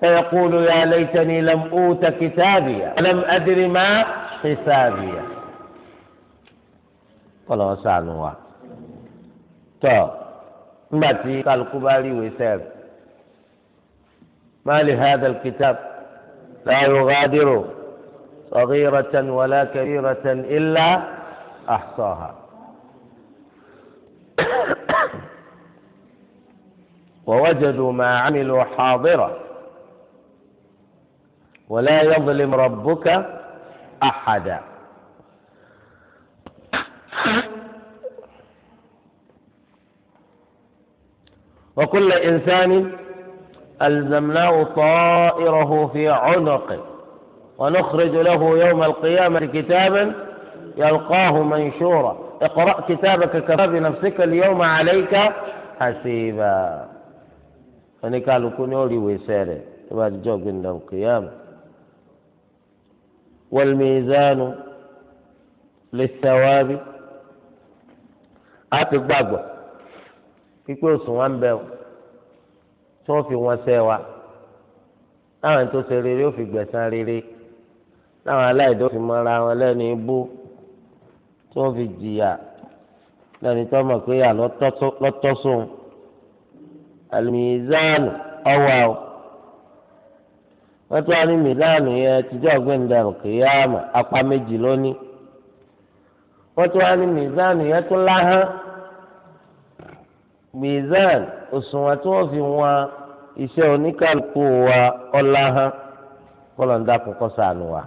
Speaker 1: فيقول يا ليتني لم أوت كتابيا ولم أدر ما حسابيا قال وسعنا تو nígbà tí kálukú bá rí ìwé sẹ́ẹ̀rì má lè ha dàl kìtàb láyò gádìrò sọ̀ríratan wàlá kẹríratan ilá àṣọ̀ha. ووجدوا ما عملوا حاضرا ولا يظلم ربك أحدا وكل إنسان ألزمناه طائره في عنقه ونخرج له يوم القيامة كتابا يلقاه منشورا اقرأ كتابك كفى بنفسك اليوم عليك حسيبا oníkàlùkù قالوا ó rí ìwésẹ بعد جو قلنا القيامة والميزان للثواب wọlmìzánu lè pípé òṣùwọ̀n ń bẹ ọ tí wọn fi wọn wa láwọn tó ṣe rere ó fi gbesan rere láwọn aláìdó fi mọ́ra wọn lẹ́nu ibú tí wọ́n fi jìyà tó pé yà lọ́tọ́sùn àlùmíìzánù ọwọ́ o wọ́n tún wá ní mílánù yẹn tìjọ́ dàrú kìyàmù apá méjì lónìí wọ́n tún wá ní yẹn láhán. mizan òṣùwọ̀n tí wọ́n fi wọn iṣẹ́ oníkàlùkù wa ọlá hàn sànù wa.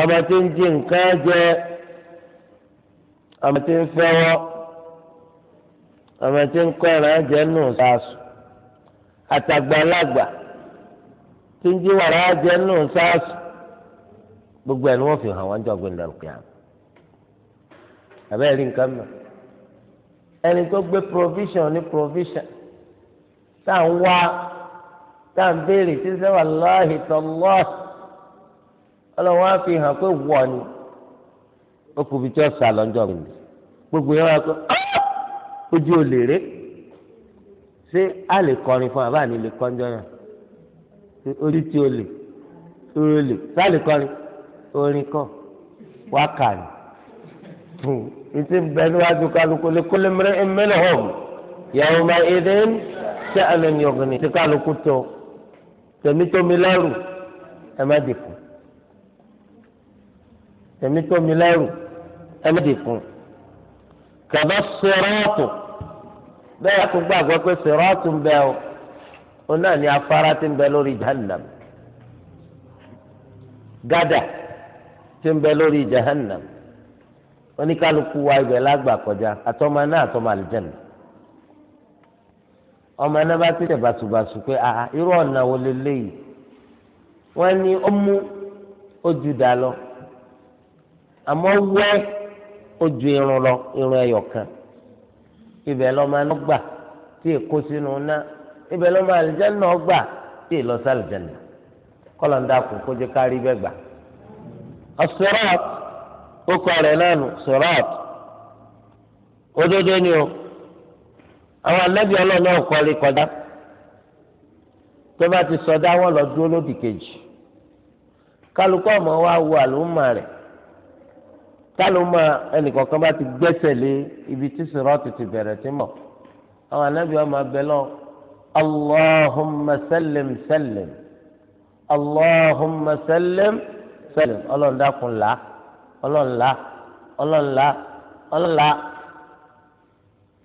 Speaker 1: ọmọ tí ń jí nǹkan jẹ ọmọ tí ń ọmọ tí ń jẹ nù sàásù àtàgbàlagbà tí ń jẹ nù sàásù gbogbo ẹ̀ ni fi hàn wọ́n jọ gbẹ̀ndàlùkì àná. àbẹ́rẹ́ rí ẹni tó gbé provision ní provision tá à ń wá tá à ń béèrè tí sẹ́wà láàyè tó lọ́ ọlọ́wọ́n á fi hàn pé wọ̀ ni ó kù bí tí ó sà lọ́jọ́ mi gbogbo yẹn wá pé ojú ò lè rè ṣé a lè kọrin fún àbá ni lè kọ́njọ́ náà orí tí o lè orí o lè sáà lè kọrin orin kọ wákàrí fún un ìsì ń bẹ níwájú kálukú lè kólé mẹlẹ hàn yàwó máa èdè ń ṣe àlẹ ní ọgbìnrin tí kálukú tó tẹmítómi lẹrù ẹ má dìkù tẹmítómi lẹrù ẹ má dìkù kàbá sọrọọtù bẹ́ẹ̀ yà kó gbàgbọ́ pé sọrọọtù ń bẹ o ó náà ní afárá tí ń bẹ lórí jahannam gada tí ń bẹ lórí jahannam. oníkálukú wa ibẹ̀ lágbà kọjá àtọ́mọ náà àtọ́mọ àlùjẹ́nu ọmọ náà bá tẹ̀lé bàṣubàṣu pé a irú ọ̀nà wo leléyìí wọ́n ní ó mú ojú dà lọ àmọ́ wẹ́ ó irun lọ irun ẹyọ kan gbà tí èkó sínú náà gbà tí ó kọ rẹ̀ náà ni o àwọn anábì ọlọ́ọ̀ni ọ̀kọ́ rí kọjá tó bá ti sọdá wọn lọ dúró lódì kejì kálukú ọmọ wa wo àlùmọ rẹ̀ kálùmọ ẹnìkọ̀ọ̀kan bá ti ibi tí sirọ́ọ̀tì ti bẹ̀rẹ̀ tí mọ̀ àwọn anábì ọmọ abẹ lọ allahumma sallim sallim allahumma sallim sallim ọlọ́nla ọlọ́nla ọlọ́nla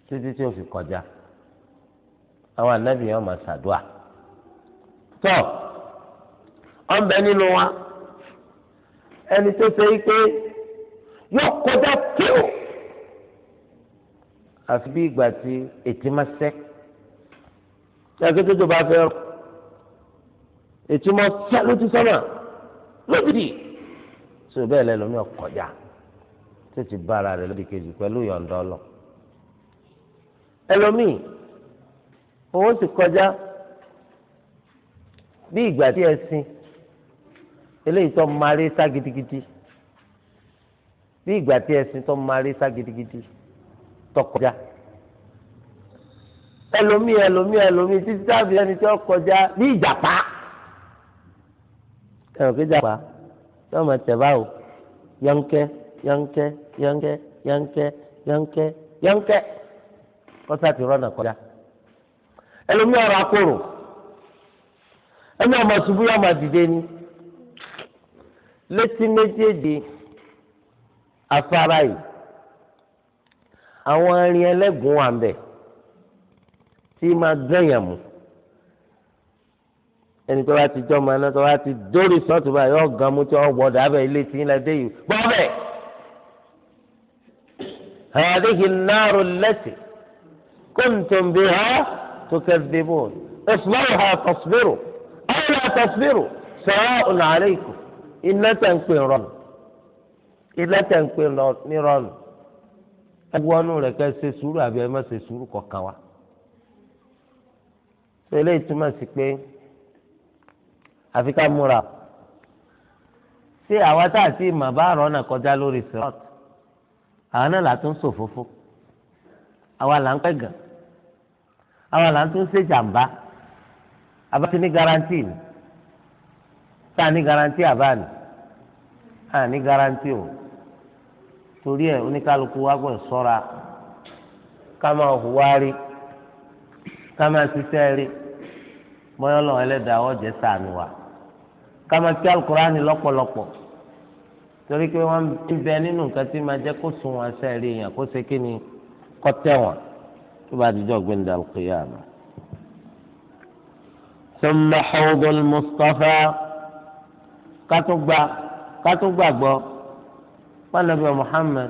Speaker 1: títí tí ó fi kọjá àwọn ànábì yẹn máa ṣàdúà tọ ọbẹ nínú wa ẹni tó ṣe pé yóò kọjá tíò àfi bí ìgbà tí ètí máa ṣẹ yàtọ̀ tó tó bá fẹ́ etí máa ṣẹ lójú sọ́nà lóbìdì so bẹ́ẹ̀ lẹ́ lómi ọ̀kọ̀já tó ti bá ara rẹ̀ lóde kejì pẹ̀lú yọ̀ǹda ọlọ. ẹlòmíì owó sì kọjá bí ìgbà tí ẹ sin eléyìí tó máa rí sá gidigidi bí ìgbà tí ẹ sin tó máa rí sá gidigidi tó kọjá ẹlòmíì ẹlòmíì ẹlòmíì títí tábìlì ẹni tó kọjá bí ìjàpá ẹ̀rọ kejì àpá yóò máa tẹ̀ báwo yọ̀ǹkẹ́ yọ̀ǹkẹ́ yọ̀ǹkẹ́ yọ̀ǹkẹ́ yọ̀ǹkẹ́ yọ̀ǹkẹ́ kọ́sà ti rọ́nà kọjá
Speaker 2: ẹlòmí ọ̀rọ̀ akóró
Speaker 1: ẹni ọmọ ṣubú yóò máa dìde ni létí méjèèjì afárá yìí àwọn arìn ẹlẹ́gùn wà ń bẹ̀ tí máa gẹ̀yàn mú ẹni tó bá ti jọ́ ọmọ náà tó bá ti dórí sọ́ọ̀tù báyìí yọ gan mú tí wọ́n wọ dàbẹ̀ ilé tí ilẹ̀ dé yìí gbọ́ bẹ́ẹ̀. هذه النار التي كنتم بها تكذبون اصبرها تصبروا أو لا تصبروا سواء عليكم iná tẹ̀ ń pè rọ̀nù iná tẹ̀ ń pè ní rọ̀nù ẹgbọ́nú rẹ̀ kẹ́ ṣe sùúrù àbí ẹ má ṣe sùúrù kọ̀ọ̀kan wa. eléyìí túmọ̀ sí pé àfi ká múra ṣé àwa tá a ti mà bá àrọ náà kọjá lórí sirọt àwa náà là tún ṣòfófó àwa là ń pẹ gàn àwa là ń tún ṣe jàǹbá àbá ti ní garanti ni tá a ní garanti àbá ni a ní garanti o torí ẹ oníkálukú wa gbọ́dọ̀ ṣọ́ra ká máa hùwà rí ká máa ṣiṣẹ́ rí bọ́yọ́ ẹlẹ́dàá ọ̀jẹ̀ sànù wa kama tí alukurani lọ́pọ̀lọpọ̀ torí pé wọ́n ti bẹ nínú nǹkan tí máa jẹ́ kó sun wọn sẹ́ẹ̀rí yẹn kó ṣe kí ni kọ́ tẹ̀wọ̀n tó bá dijọ́ gbẹ̀ndà alukiyama. ثم حوض المصطفى kátúgbà kátúgbà gbọ́ pàlọ́bí Muhammad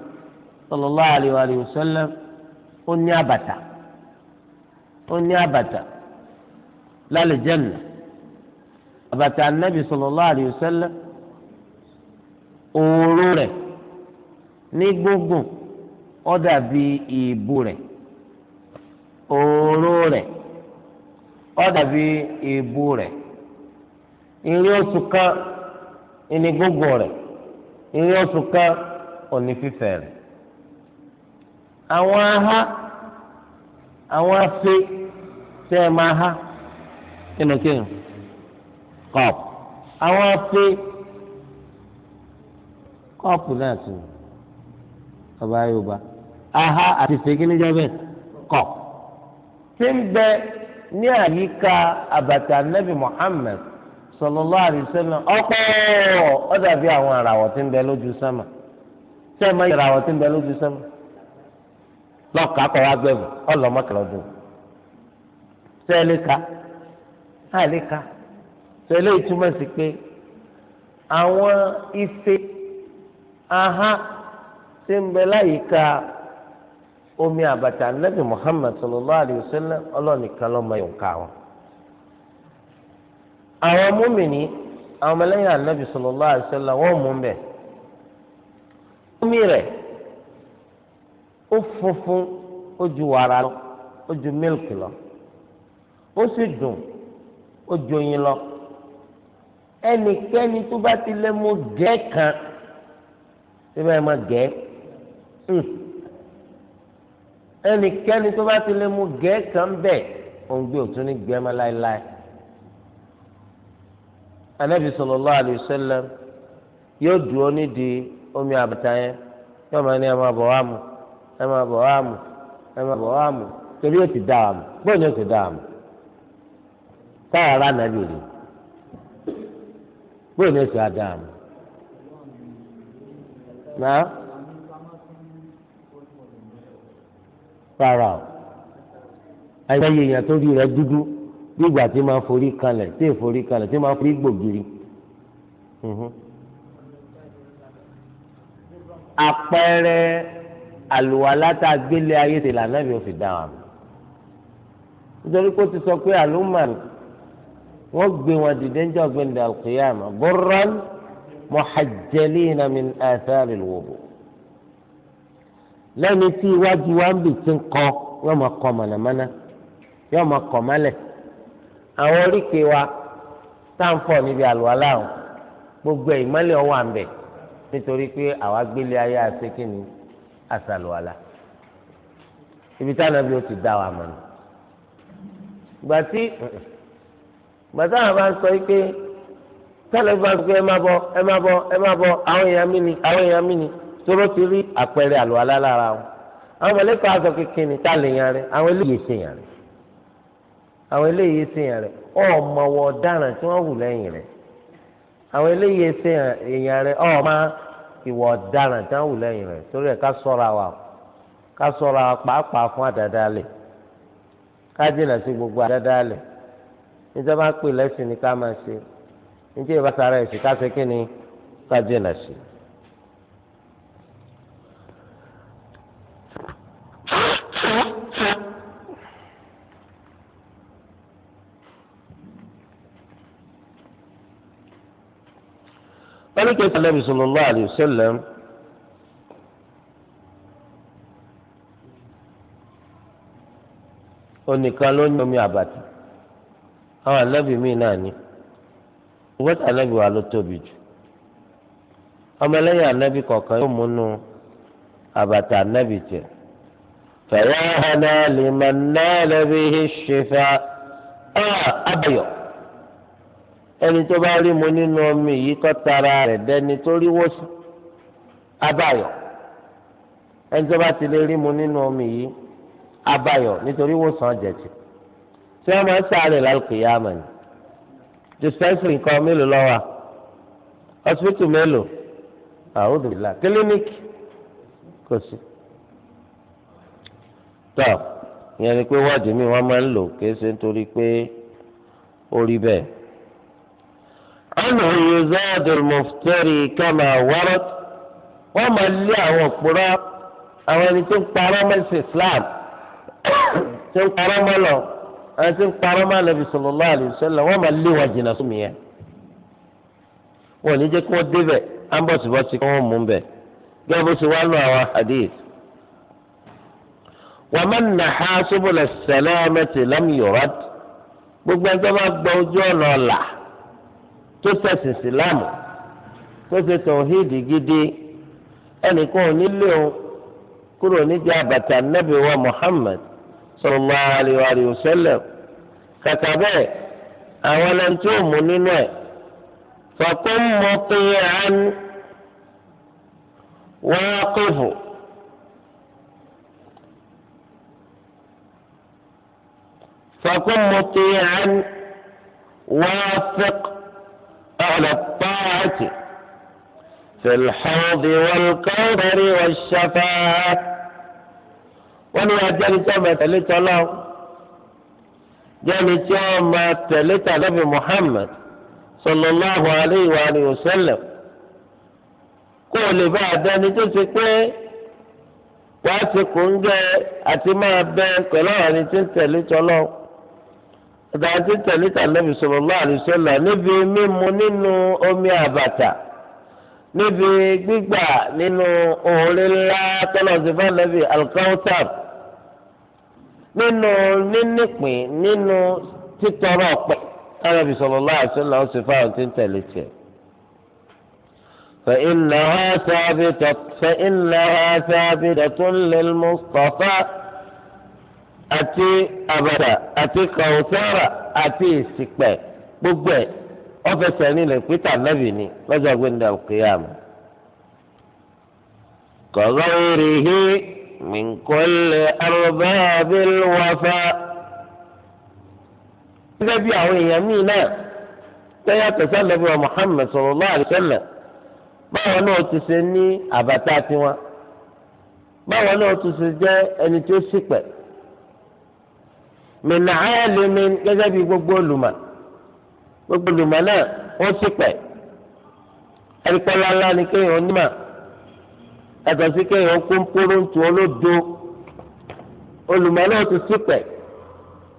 Speaker 1: sallallahu alayhi wa sallam ó ní àbàtà ó ní àbàtà lálẹ́ jẹ́nà. àbàtà anabi sallallahu alayhi wa sallam ní gbógun ó dàbí ìbú rẹ̀ òòró rẹ̀ ó dàbí ìbú rẹ̀ ìrìn oṣù kan ìní gbógun rẹ̀ ìrìn oṣù kan òní aha àwọn ẹ máa ha kínníkínní. Kọp. àwọn pé kọ́ọ̀pù náà sì ọba yorùbá aha àti fèkínníjà bẹ́ẹ̀ tí ń bẹ ní àyíká àbàtà nabi muhammed sallallahu alaihi wasallam ọ dàbí àwọn àràwọ̀ ti ń bẹ lójú sánmà tí ẹ máa ń ń bẹ lójú lọkà kọ wá gbẹbù ẹ ka lè ka. tẹ́lẹ̀ ìtumọ̀ sí pé àwọn ife aha ṣe ń bẹ láyìíká omi àbàtà nẹ́bí Muhammad sallallahu alayhi wa sallam ọlọ́nìkan lọ́mọ ìyọ̀ǹkà wọn. àwọn múmìnì àwọn ọmọlẹ́yìn ànábì sallallahu alayhi wa sallam wọ́n mú bẹ̀. omi rẹ̀ ó funfun ó ju wàrà lọ ó ju mílìkì lọ ó sì dùn ó ju oyin lọ ẹnikẹ́ni tó bá ti lẹ́ mọ gẹ́ kan síbẹ̀ ẹ̀ máa gẹ́ hmm. ẹnikẹ́ni tó bá ti lẹ́ mọ gẹ́ kan bẹ́ẹ̀ òun gbé òtún ní gbẹ́ mọ́ láéláé anabi sallallahu alayhi wa sallam yóò dúró nídìí omi àbùtá yẹn yóò máa ní ẹ máa bọ̀ wá mu ẹ máa bọ̀ wá mu ẹ máa bọ̀ wá mu torí ó ti dá wa mu bóyá ó ti dá wa mu táyà rà nàbì rèé bóyá ní ètò àdàmú náà rárá o àyẹ̀yẹ̀ èèyàn tó rí rẹ̀ dúdú bí ìgbà tí máa forí kalẹ̀ tí èèforí kalẹ̀ tí máa forí gbògiri mhm. àpẹẹrẹ àlùwàlá tá ayé tèlà náà bí o fi dá wa nítorí pé ó ti sọ pé àlùmọ́ọ̀nù wọ́n gbé wọn dìde ń jọ gbẹ̀ndẹ̀ alqiyama burran muhajjalina min athari alwudu lẹ́ni tí iwájú wa ń bì tí ń kọ́ yóò máa kọ́ mọ̀nàmọ́ná yóò máa kọ́ mọ́lẹ̀ àwọn oríkèé wa táǹfọ̀ níbi àlùwalá o gbogbo ìmọ́lẹ̀ ọwọ́ à nítorí pé àwa gbélé ayé àṣekínni àṣàlùwalá ibi táwọn ẹbí ó ti dá wa mọ̀ ní. ìgbà tí gbàtà àwọn bá ń sọ pé tẹ́lẹ̀ bá sọ pé ẹ má bọ ẹ má bọ ẹ má bọ àwọn èèyàn mi ni àwọn èèyàn ni sọ̀rọ̀ ti rí àpẹẹrẹ àlùwalá lára wọn àwọn mọ̀lẹ́kọ̀ aṣọ kékeré ni tá lè yan rẹ àwọn eléyìí ṣe yan rẹ àwọn eléyìí ṣe yan rẹ ọmọ wọ tí rẹ àwọn eléyìí ṣe yan rẹ wa ká ṣọ́ra pàápàá fún àdádálẹ̀ ká dènà gbogbo níjọba pè lẹ́sìn ní ká máa ṣe níjẹ́ ìbáṣara ẹ̀sìn ká ṣe kí ni ká jìnà sí. wọ́n ní kí ẹ̀sìn lẹ́bi sallallahu alaihi wasallam. onìkan ló ní omi àbàtì. àwọn ànábì míì náà ni ṣùgbọ́n ànábì wa ló tóbi jù ọmọlẹ́yìn ànábì kọ̀ọ̀kan yóò múnú àbàtà ànábì jẹ fẹ̀yà hànà lèmọ̀ náà lẹ́bi ṣẹfà abayọ̀ ẹni tó bá rí mu nínú omi yìí kọ́ tara rẹ̀ dẹ́ni tó rí wọ́sùn abayọ̀ ẹni tó bá ti lè rí mu nínú omi yìí abayọ̀ nítorí wọ́sùn ọ̀jẹ̀ tì tí wọ́n máa ń sáré lálùkìyàmà ni dispensary nǹkan mélòó lọ́wọ́ hospital mélòó àwòdùbílà kílíníkì kò sí. tọ́ ìyẹn ni pé wọ́ọ̀dù mi wọ́n máa ń lò kìí ṣe nítorí pé ó rí bẹ́ẹ̀. ọ̀nà yuzadu muftari kama warad wọ́n máa lé àwọn òpùrọ́ àwọn ẹni tó ń parọ́ mẹ́sì Islam
Speaker 2: *coughs*
Speaker 1: tó ń parọ́ mọ́ lọ ẹni tí ń parọ́ máa Nabi sallallahu alaihi wasallam wọ́n máa lé wọn jìnnà sómi yẹn wọn ò ní jẹ́ kí wọ́n débẹ̀ ambọ̀sibọ́sí kí wọ́n mú un bẹ̀ bí wọ́n bó ṣe wá lọ àwọn hadith. wa man naha subula salamati lam yurad gbogbo ẹni máa gbọ́ ojú ọ̀nà ọ̀la tó tẹ̀sí sílámù tó ṣe tọ̀hídì gidi ẹnìkan ò ní lé kúrò nídìí àbàtà Nabi wa صلى الله عليه وآله وسلم كتب أولا àwọn ẹni tí ó mú
Speaker 2: فكن مطيعا وافق على الطاعة في الحوض والكوثر
Speaker 1: والشفاعة wọ́n ní wàá jẹ́ni tí wọ́n máa tẹ̀lé tọ́lọ́ jẹ́ni tí wọ́n máa tẹ̀lé tàdébì Muhammad sallallahu alayhi wa alihi wa sallam kó o lè bá a dání tó ti pé wàá ti kò gẹ àti máa bẹ pẹ̀lú àwọn ẹni tí ń tẹ̀lé tọ́lọ́ àtàwọn tí ń tẹ̀lé tàdébì sallallahu alayhi wa sallam níbi mímu nínú omi àbàtà níbi gbígbà nínú òòrè ńlá tọ́lọ́sí fáńdẹ́bì alkautar nínú nínípìn nínú títọrọ ọ̀pẹ arábì sallallahu alaihi wasallam ọ̀sẹ̀ fáwọn tí ń tẹ̀lé tiẹ̀. فإنها ثابتة فإنها ثابتة للمصطفى أتي أبدا أتي كوثرة أتي سكبة بقبة ọfẹsẹ̀ nílẹ̀ pété ànábì ni lọ́jọ́ gbẹ̀ndà òkèèyàmù. kọ̀gọ́rìhì mìkọ́lẹ̀ arọ́bẹ́ẹ́bílwọ́fà. gẹ́gẹ́ bí àwọn èèyàn míì náà tẹ́yà tẹ̀sán lọ́bí wa Muhammad sallallahu alaihi wasallam báwọn náà ti ṣe ní àbàtà tiwọn báwọn náà ti ṣe jẹ́ ẹni tí sì pẹ̀. mìnà áyà lè mi gẹ́gẹ́ bí gbogbo olùmọ̀. gbogbo olùmọ̀ náà wọ́n sì pẹ̀ ẹ̀ríkọ́ lálá ni kéèyàn onímọ̀ ẹ̀tọ́ sí kéèyàn kónkóró ń tu olódo olùmọ̀ náà ti sì pẹ̀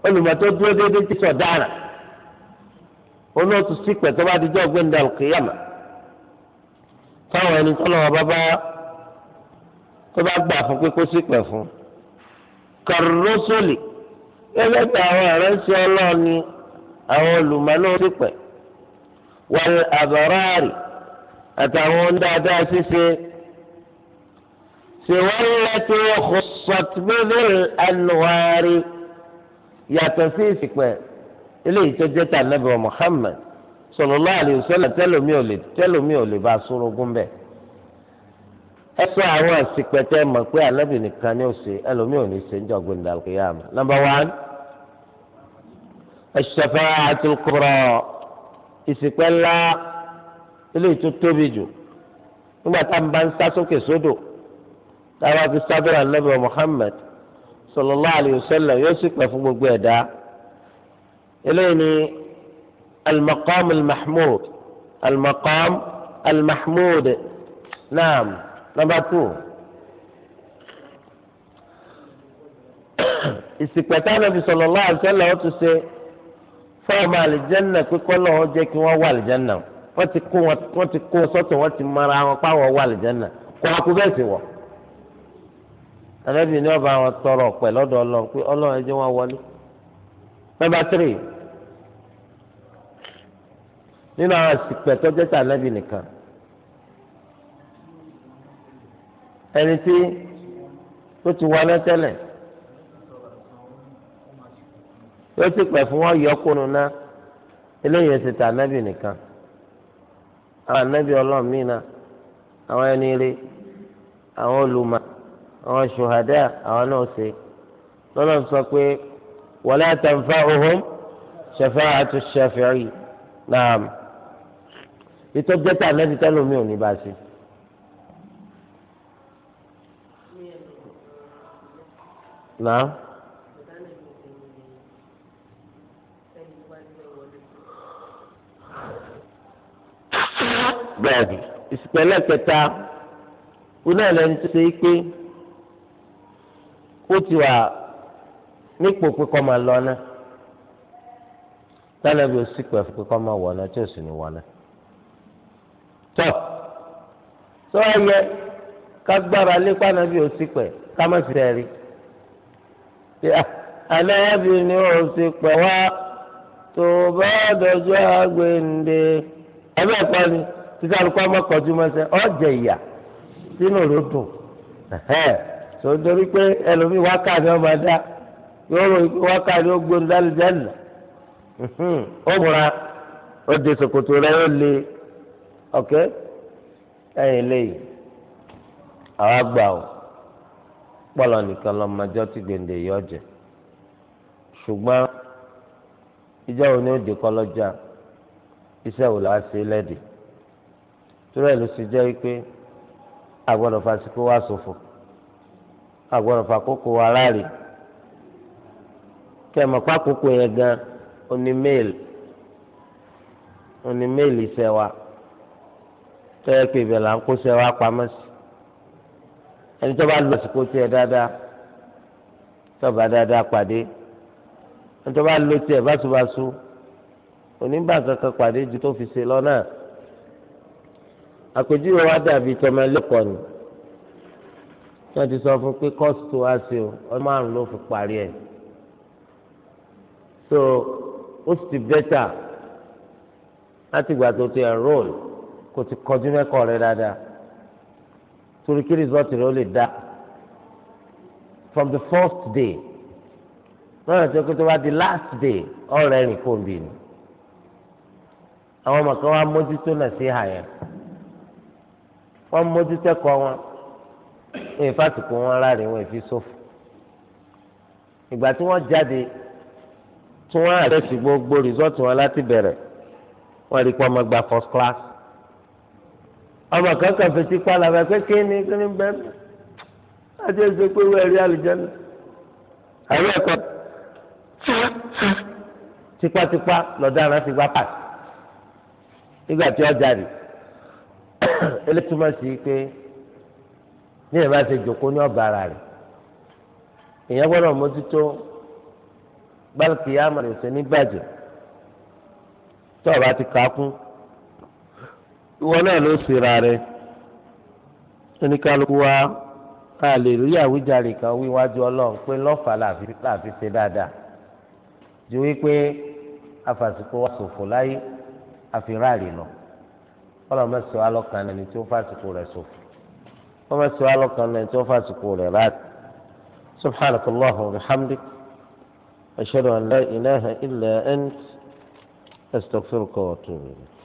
Speaker 1: olùmọ̀ tó dúró déédéé ti sọ̀dáàrà olóòtú sì pẹ̀ tó bá dijọ́ gbẹ̀ndà òkèèyàmà táwọn ẹni tó lọ́wọ́ bá bá tó bá gbà fún pé kó sì pẹ̀ fún kàrúrósòlì
Speaker 2: ẹlẹ́gbẹ̀ẹ́ àwọn
Speaker 1: ẹ̀rẹ́ ń ṣe ọlọ́ọ̀ni àwọn olùmọ̀lórí pẹ̀ wal àbọ̀ráàrì àtàwọn dáadáa ṣíṣe ṣèwọ́nlẹ́tì ọ̀sọ̀tìmẹ́lẹ́l ànúwárí yàtọ̀ sí ìsìpẹ̀ eléyìí tó jẹ́ tànàbẹ̀ Muhammad sallallahu alaihi wasallam tẹ́lómi ò lè tẹ́lómi ò lè bá aṣọ́rogún bẹ́ẹ̀ ẹ sọ àwọn àsìpẹ̀ tẹ́ mọ̀ pé ànábì nìkan ni ó ṣe ò ní ṣe ń jọ gbẹ̀ndàlùkìyàmù number one ash-shafa'atul kubra ìsìnkú ńlá eléyìí tó tóbi jù nígbà tá à ń bá ń sá sókè sódò táwa fi sábẹ́rẹ́ anábẹ́ Muhammad sallallahu alayhi wa sallam yóò sì pẹ́ fún gbogbo ẹ̀dá eléyìí ni al-maqam al-mahmud naam number two. ìsìnkú ẹ̀ta nàbì sallallahu alayhi ó tún ṣe. ọmọ àlìjẹ́nà pé kọ́lọ́ jẹ́ kí wọ́n wà àlìjẹ́nà wọ́n ti kó wọn ti kó sọ́tọ̀ ti mara wọn páwọn wà àlìjẹ́nà kó wọn kú bẹ́ẹ̀ sì wọ̀. àlẹ́bí ni wọ́n bá wọn tọrọ lọ́dọ̀ ọlọ́run pé ọlọ́run ẹ jẹ́ wọn wọlé. nínú àwọn àsìpẹ̀ tó jẹ́ nìkan ẹni tí tó ti wọlé tẹ́lẹ̀ ó sì pẹ̀ fún wọn yọ kónú ná eléyìí ẹsẹ̀ tà ànábì nìkan àwọn ànábì ọlọ́run míì náà àwọn ẹni rí àwọn olùmọ̀ àwọn ṣùhàdá àwọn náà ṣe lọ́nà sọ pé wala tanfa'uhum shafa'atu shafi'i náà ìtọ́jẹ́ tà ànábì tẹ́lómi ò ní bá ṣe. Now. bẹ́ẹ̀ni ìsìpẹ̀lẹ̀ kẹta onáà lẹni tó ṣe pé ó ti wà nípò pé kọ́ máa lọ náà tálẹ́bí ó sì pẹ̀ fún pé kọ́ máa wọ̀ náà tí ò sì ní wọ̀ náà. tọ́ tó ẹ yẹ kágbára lépa náà bí ó sì pẹ̀ ká má sì tẹ̀rí. Ah, àlẹ́bí ni ó sì pẹ̀ wá tó bá dọjọ́ àgbèǹde ẹgbẹ́ kan ni. títí alùpùpù ọmọkọ̀ọ́jú mọ́sẹ́ ọ̀jẹ̀ ìyà sínú ló dùn tó torí pé ẹlòmíì wákàtí ọba dá yóò rò pé wákàtí ó gbóni ó múra
Speaker 2: ó de ṣòkòtò rẹ̀ ó
Speaker 1: le ọ̀kẹ́ ẹ̀yìn lẹ́yìn àwa gbà ó pọ̀lọ̀ nìkan ọtí yìí ìjọ ṣe torí ẹ̀ ló sì jẹ́ pé àgbọ̀dọ̀ fàṣíkò wa ṣòfò àgbọ̀dọ̀ fàkókò wa ráàlì kẹmọ̀ pákókò yẹn gan oní méèlì oní méèlì iṣẹ́ wa tẹ́lẹ̀ pé ibẹ̀ là ń kó iṣẹ́ wa pamọ́ sí ẹni tó bá lọ àsìkò tiẹ̀ dáadáa tó bá dáadáa pàdé ẹni tó bá lọ tiẹ̀ báṣubàṣu onígbà pàdé ju tó fi ṣe lọ àpèjúwe wa dàbí tọmọ ẹlẹ́kọ̀ọ́ ni wọ́n ti sọ fún pé kọ́ọ̀sì tó wá sí o ọdún márùn ló fi parí ẹ̀ so ó sì ti bẹ́tà láti ìgbà tó ti enroll kò ti kọjú mẹ́kọ̀ọ́ rẹ dáadáa torí kí rìsọ́ọ̀tì rẹ ó lè dá from the first day lọ́nà tó kó tó bá di last day ọ̀rẹ́ rìn fóun bì ní àwọn ọmọ kan wá mójútó náà sí àyẹ̀ wọ́n mójú tẹ́kọ̀ọ́ wọn ní ìfàsìkò wọn láre wọn èfi sófò ìgbà tí wọ́n jáde tí wọ́n àdẹ́sí gbogbo rìsọ́ọ̀tì wọn láti bẹ̀rẹ̀ wọ́n rí pé ọmọ gba first class ọmọ kankan fetí pálapà pé kí ni kí ni bẹ́ẹ̀ láti ẹsẹ̀ pé wọ́n rí àlùjẹ́nu àwọn ẹ̀kọ́ tipátipá lọ́dọ̀ àrùn àti gbà pàṣẹ nígbà tí wọ́n jáde ele *coughs* túmọ̀ sí pé ní ìyẹn bá ṣe jòkó ní ọ̀bà ara rẹ̀ èèyàn gbọ́dọ̀ mójútó gbálùkì yá màlẹ̀ ṣe ní gbàjẹ́ tó ọba ti kà á kún ìwọ náà ló sì ra rẹ̀ oníkálukú wa a lè rí àwíjàre kan wíwájú ọlọ́run pé lọ́fà láàfin ṣe dáadáa ju wípé afàsìkò wa ṣòfò láyé àfi ráàlì lọ. No. ọlọ́run mẹ́sàn sọ alọkan ẹni tí ó suku rẹ̀ sòfò wọ́n mẹ́sàn sọ alọkan ẹni tí ó suku rẹ̀ láti سبحانك اللهم وبحمدك أشهد أن لا إله إلا أنت أستغفرك وأتوب إليك